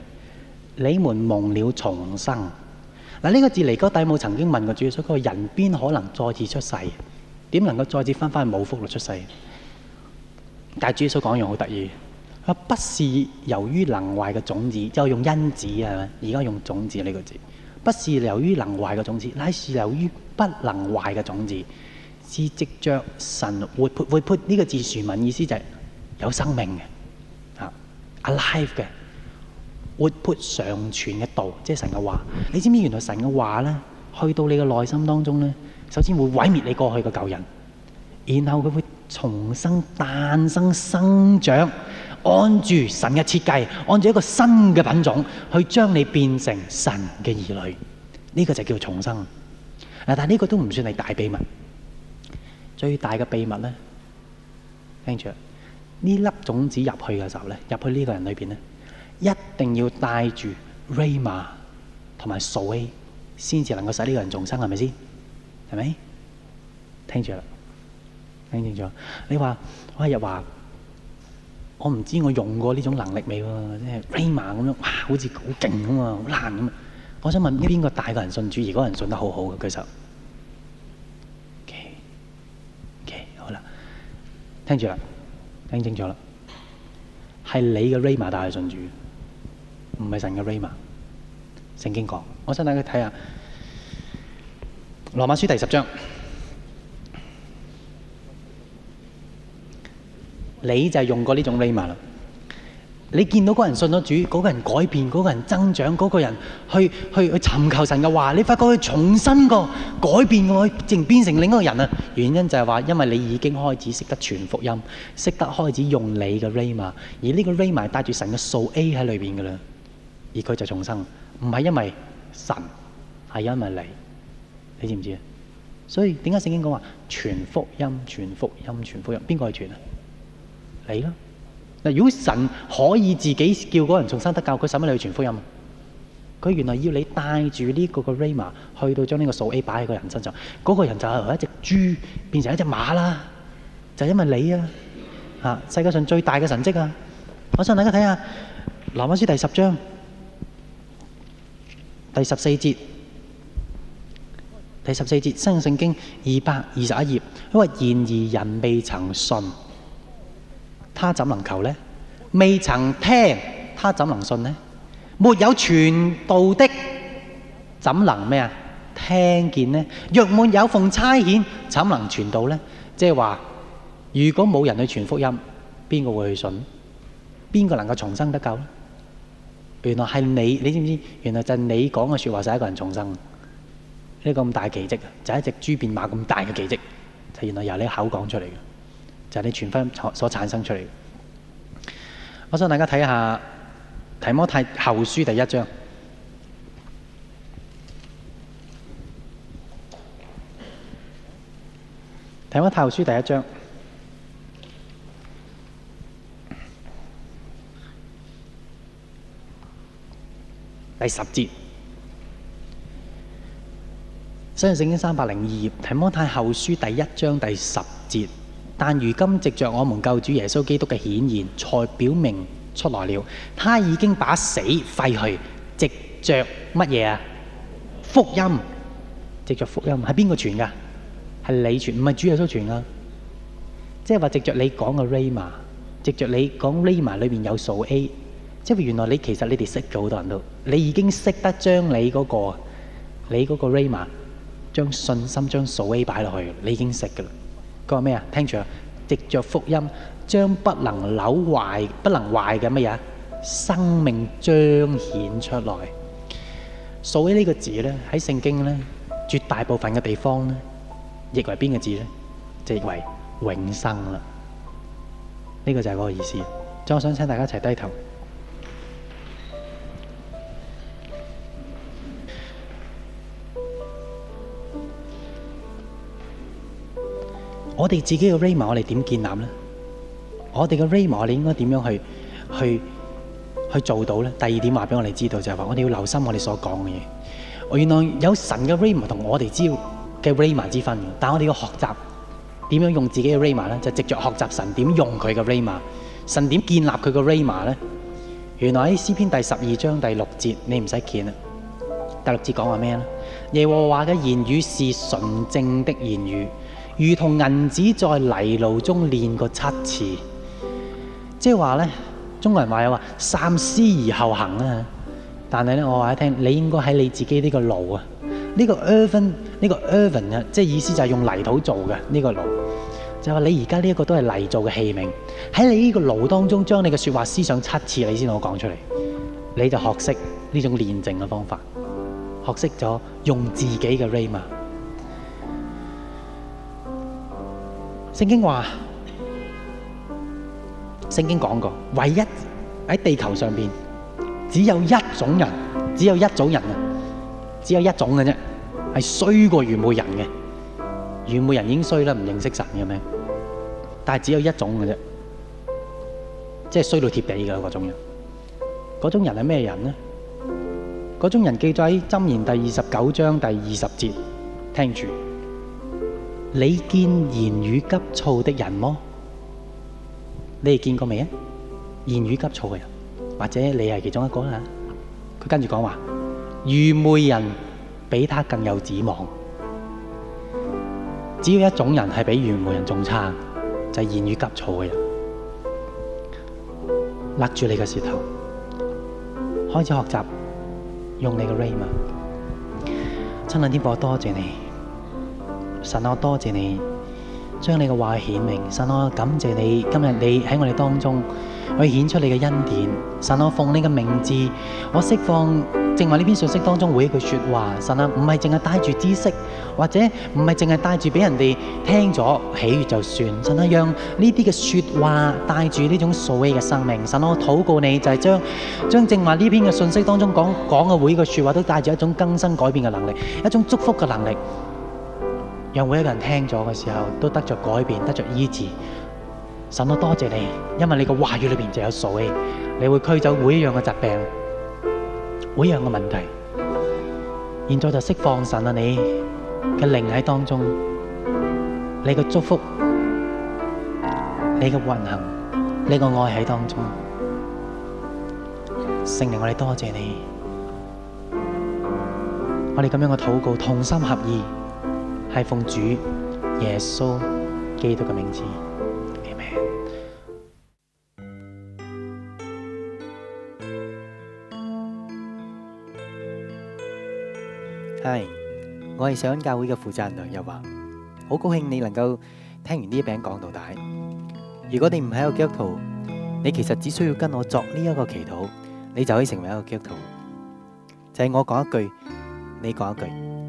A: 你們蒙了重生。嗱、這、呢個字尼哥底母曾經問過主耶穌，嗰個人邊可能再次出世？點能夠再次返返去母腹裡出世？但係主耶穌講樣好得意，啊不是由於能壞嘅種子，就用因子係咪，而家用種子呢個字，不是由於能壞嘅種,種,、這個、種子，乃是由於不能壞嘅種子，是即將神活潑活潑呢個字，原文意思就係有生命嘅，啊 alive 嘅，活潑常存嘅道，即、就、係、是、神嘅話。你知唔知原來神嘅話咧，去到你嘅內心當中咧，首先會毀滅你過去嘅舊人，然後佢會。重生、誕生、生長，按住神嘅設計，按住一個新嘅品種，去將你變成神嘅兒女，呢個就叫重生。嗱，但係呢個都唔算係大秘密。最大嘅秘密咧，聽住，呢粒種子入去嘅時候咧，入去呢個人裏邊咧，一定要帶住 Rayma 同埋 Soi，先至能夠使呢個人重生，係咪先？係咪？聽住啦。聽清楚，你話我係日華，我唔知我用過呢種能力未喎，即係 Rama 咁樣，哇，好似好勁咁啊，好難咁。我想問邊個大個人信主，而嗰個人信得好好嘅？舉手。OK，OK，okay, okay, 好啦，聽住啦，聽清楚啦，係你嘅 Rama 大係信主，唔係神嘅 Rama。聖經講，我想大家睇下《羅馬書》第十章。你就用過呢種 language 啦。你見到嗰個人信咗主，嗰個人改變，嗰個人增長，嗰個人去去去尋求神嘅話，你發覺佢重新個改變個佢，淨變成另一個人啊！原因就係話，因為你已經開始識得全福音，識得開始用你嘅 language，而呢個 language 帶住神嘅數 A 喺裏邊噶啦，而佢就重生，唔係因為神，係因為你，你知唔知啊？所以點解聖經講話全福音、全福音、全福音？邊個係全啊？你咯、啊、嗱，如果神可以自己叫嗰人重生得救，佢使乜你要傳福音啊？佢原來要你帶住呢個個 Rayma 去到將呢個數 A 擺喺個人身上，嗰、那個人就係由一隻豬變成一隻馬啦，就是、因為你啊，啊，世界上最大嘅神蹟啊！我想大家睇下《羅馬書》第十章第十四節，第十四節新約聖經二百二十一頁，佢話然而人未曾信。他怎能求呢？未曾聽，他怎能信呢？沒有傳道的，怎能咩啊？聽見呢？若沒有奉差遣，怎能傳道呢？即係話，如果冇人去傳福音，邊個會去信？邊個能夠重生得救呢？原來係你，你知唔知？原來就係你講嘅說話，使、就係、一個人重生。呢、呢個咁大的奇蹟，就係、是、一隻豬變馬咁大嘅奇蹟，就、原來由你口講出嚟嘅。就係、是、你傳翻所產生出嚟。我想大家睇下《提摩太後書》第一章，《提摩太後書》第一章第十節，《新約聖經》三百零二頁，《提摩太後書》第一章第十節。但如今藉着我們救主耶穌基督嘅顯現，才表明出來了。他已經把死廢去，藉着乜嘢啊？福音，藉着福音係邊個傳噶？係你傳，唔係主耶穌傳啊！即係話藉着你講嘅 Rayma，藉着你講 Rayma 裏面有數 A，即係原來你其實你哋識咗好多人都，你已經識得將你嗰個，你嗰個 Rayma 將信心將數 A 擺落去，你已經識嘅啦。個咩啊？聽住啊！藉着福音，將不能扭壞、不能壞嘅乜嘢生命彰顯出來。數起呢個字咧，喺聖經咧，絕大部分嘅地方咧，譯為邊個字咧？就譯為永生啦。呢個就係嗰個意思。咁我想請大家一齊低頭。我哋自己嘅 rama 我哋點建立呢？我哋嘅 rama 我哋應該點樣去去去做到呢？第二點話俾我哋知道就係話我哋要留心我哋所講嘅嘢。原來有神嘅 rama 同我哋知嘅 rama 之分嘅，但係我哋要學習點樣用自己嘅 rama 呢？就藉着學習神點用佢嘅 rama，神點建立佢嘅 rama 呢？原來喺詩篇第十二章第六節，你唔使見啦。第六節講話咩呢？耶和華嘅言語是純正的言語。如同銀子在泥爐中煉過七次，即係話呢，中國人話有話三思而後行啊。但係呢，我話你聽，你應該喺你自己呢個爐啊，呢、這個 earthen 呢個 earthen 嘅，即係意思就係用泥土做嘅呢、這個爐，就話你而家呢一個都係泥做嘅器皿，喺你呢個爐當中將你嘅説話思想七次，你先同我講出嚟，你就學識呢種煉淨嘅方法，學識咗用自己嘅 rhema 聖經話，聖經講過，唯一喺地球上邊，只有一種人，只有一種人啊，只有一種嘅啫，係衰過愚昧人嘅，愚昧人已經衰啦，唔認識神嘅咩？但係只有一種嘅啫，即係衰到貼地嘅嗰種人，嗰種人係咩人呢？嗰種人記載喺《箴言》第二十九章第二十節，聽住。你見言語急躁的人麼？你哋見過未啊？言語急躁嘅人，或者你係其中一個啦。佢跟住講話，愚昧人比他更有指望。只要一種人係比愚昧人仲差，就係、是、言語急躁嘅人，勒住你嘅舌頭，開始學習用你嘅 Ray 嘛。親愛的天父，多謝你。神，我多謝你將你嘅話顯明。神，我感謝你今日你喺我哋當中可以顯出你嘅恩典。神，我奉你嘅名字，我釋放正話呢篇信息當中每一句說話。神啊，唔係淨係帶住知識，或者唔係淨係帶住俾人哋聽咗喜悦就算。神啊，讓呢啲嘅說話帶住呢種受啲嘅生命。神，我禱告你就係、是、將將正話呢篇嘅信息當中講講嘅會嘅說話都帶住一種更新改變嘅能力，一種祝福嘅能力。讓每一個人聽咗嘅時候，都得着改變，得着醫治。神都，多謝你，因為你嘅話語裏邊就有水，你會驅走每一樣嘅疾病，每一樣嘅問題。現在就釋放神啊，你嘅靈喺當中，你嘅祝福，你嘅運行，你嘅愛喺當中。聖靈，我哋多謝你，我哋咁樣嘅禱告，同心合意。係奉主耶穌基督嘅名字，阿門。係，我係上教會嘅負責人梁日華，好高興你能夠聽完呢一餅講道帶。如果你唔係一個基督徒，你其實只需要跟我作呢一個祈禱，你就可以成為一個基督徒。就係我講一句，你講一句，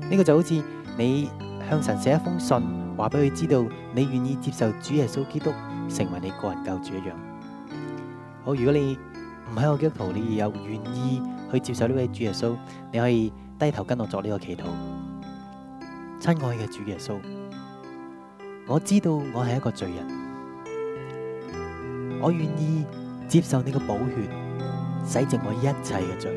A: 呢個就好似你，向神寫一封信，話俾佢知道你願意接受主耶穌基督成為你個人救主一樣。好，如果你唔喺我基督徒，你又願意去接受呢位主耶穌，你可以低頭跟我作呢個祈禱。親愛嘅主耶穌，我知道我係一個罪人，我願意接受你嘅寶血洗淨我一切嘅罪，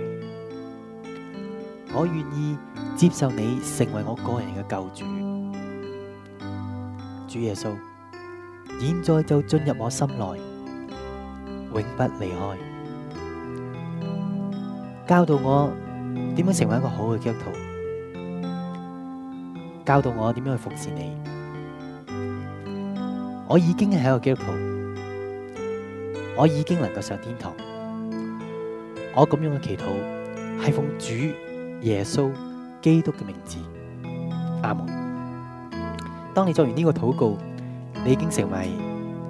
A: 我願意。接受你成為我個人嘅救主，主耶穌，現在就進入我心內，永不離開，教導我點樣成為一個好嘅基督徒，教導我點樣去服侍你。我已經係一個基督徒，我已經能夠上天堂，我咁樣嘅祈禱係奉主耶穌。基督嘅名字，阿門、嗯。當你作完呢個禱告，你已經成為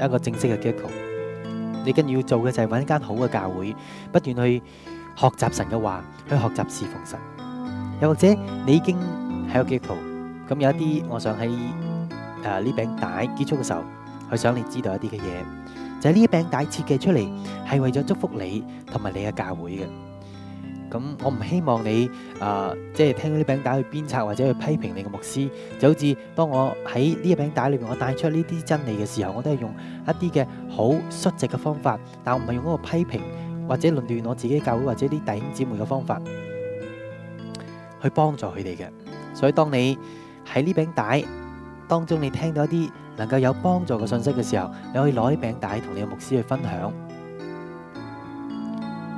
A: 一個正式嘅基督徒。你更要做嘅就係揾一間好嘅教會，不斷去學習神嘅話，去學習侍奉神。又或者你已經喺個基督徒，咁有一啲，我想喺誒呢餅帶結束嘅時候，去想你知道一啲嘅嘢，就係、是、呢一餅帶設計出嚟係為咗祝福你同埋你嘅教會嘅。咁我唔希望你啊、呃，即係聽到啲餅帶去鞭策，或者去批評你個牧師，就好似當我喺呢一餅帶裏邊，我帶出呢啲真理嘅時候，我都係用一啲嘅好率直嘅方法，但我唔係用嗰個批評或者論斷我自己教會或者啲弟兄姊妹嘅方法去幫助佢哋嘅。所以當你喺呢餅帶當中，你聽到一啲能夠有幫助嘅信息嘅時候，你可以攞啲餅帶同你嘅牧師去分享。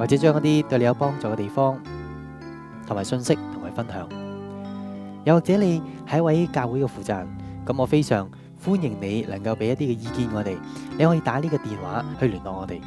A: 或者將一啲對你有幫助嘅地方同埋信息同埋分享，又或者你係一位教會嘅負責人，咁我非常歡迎你能夠俾一啲嘅意見我哋，你可以打呢個電話去聯絡我哋。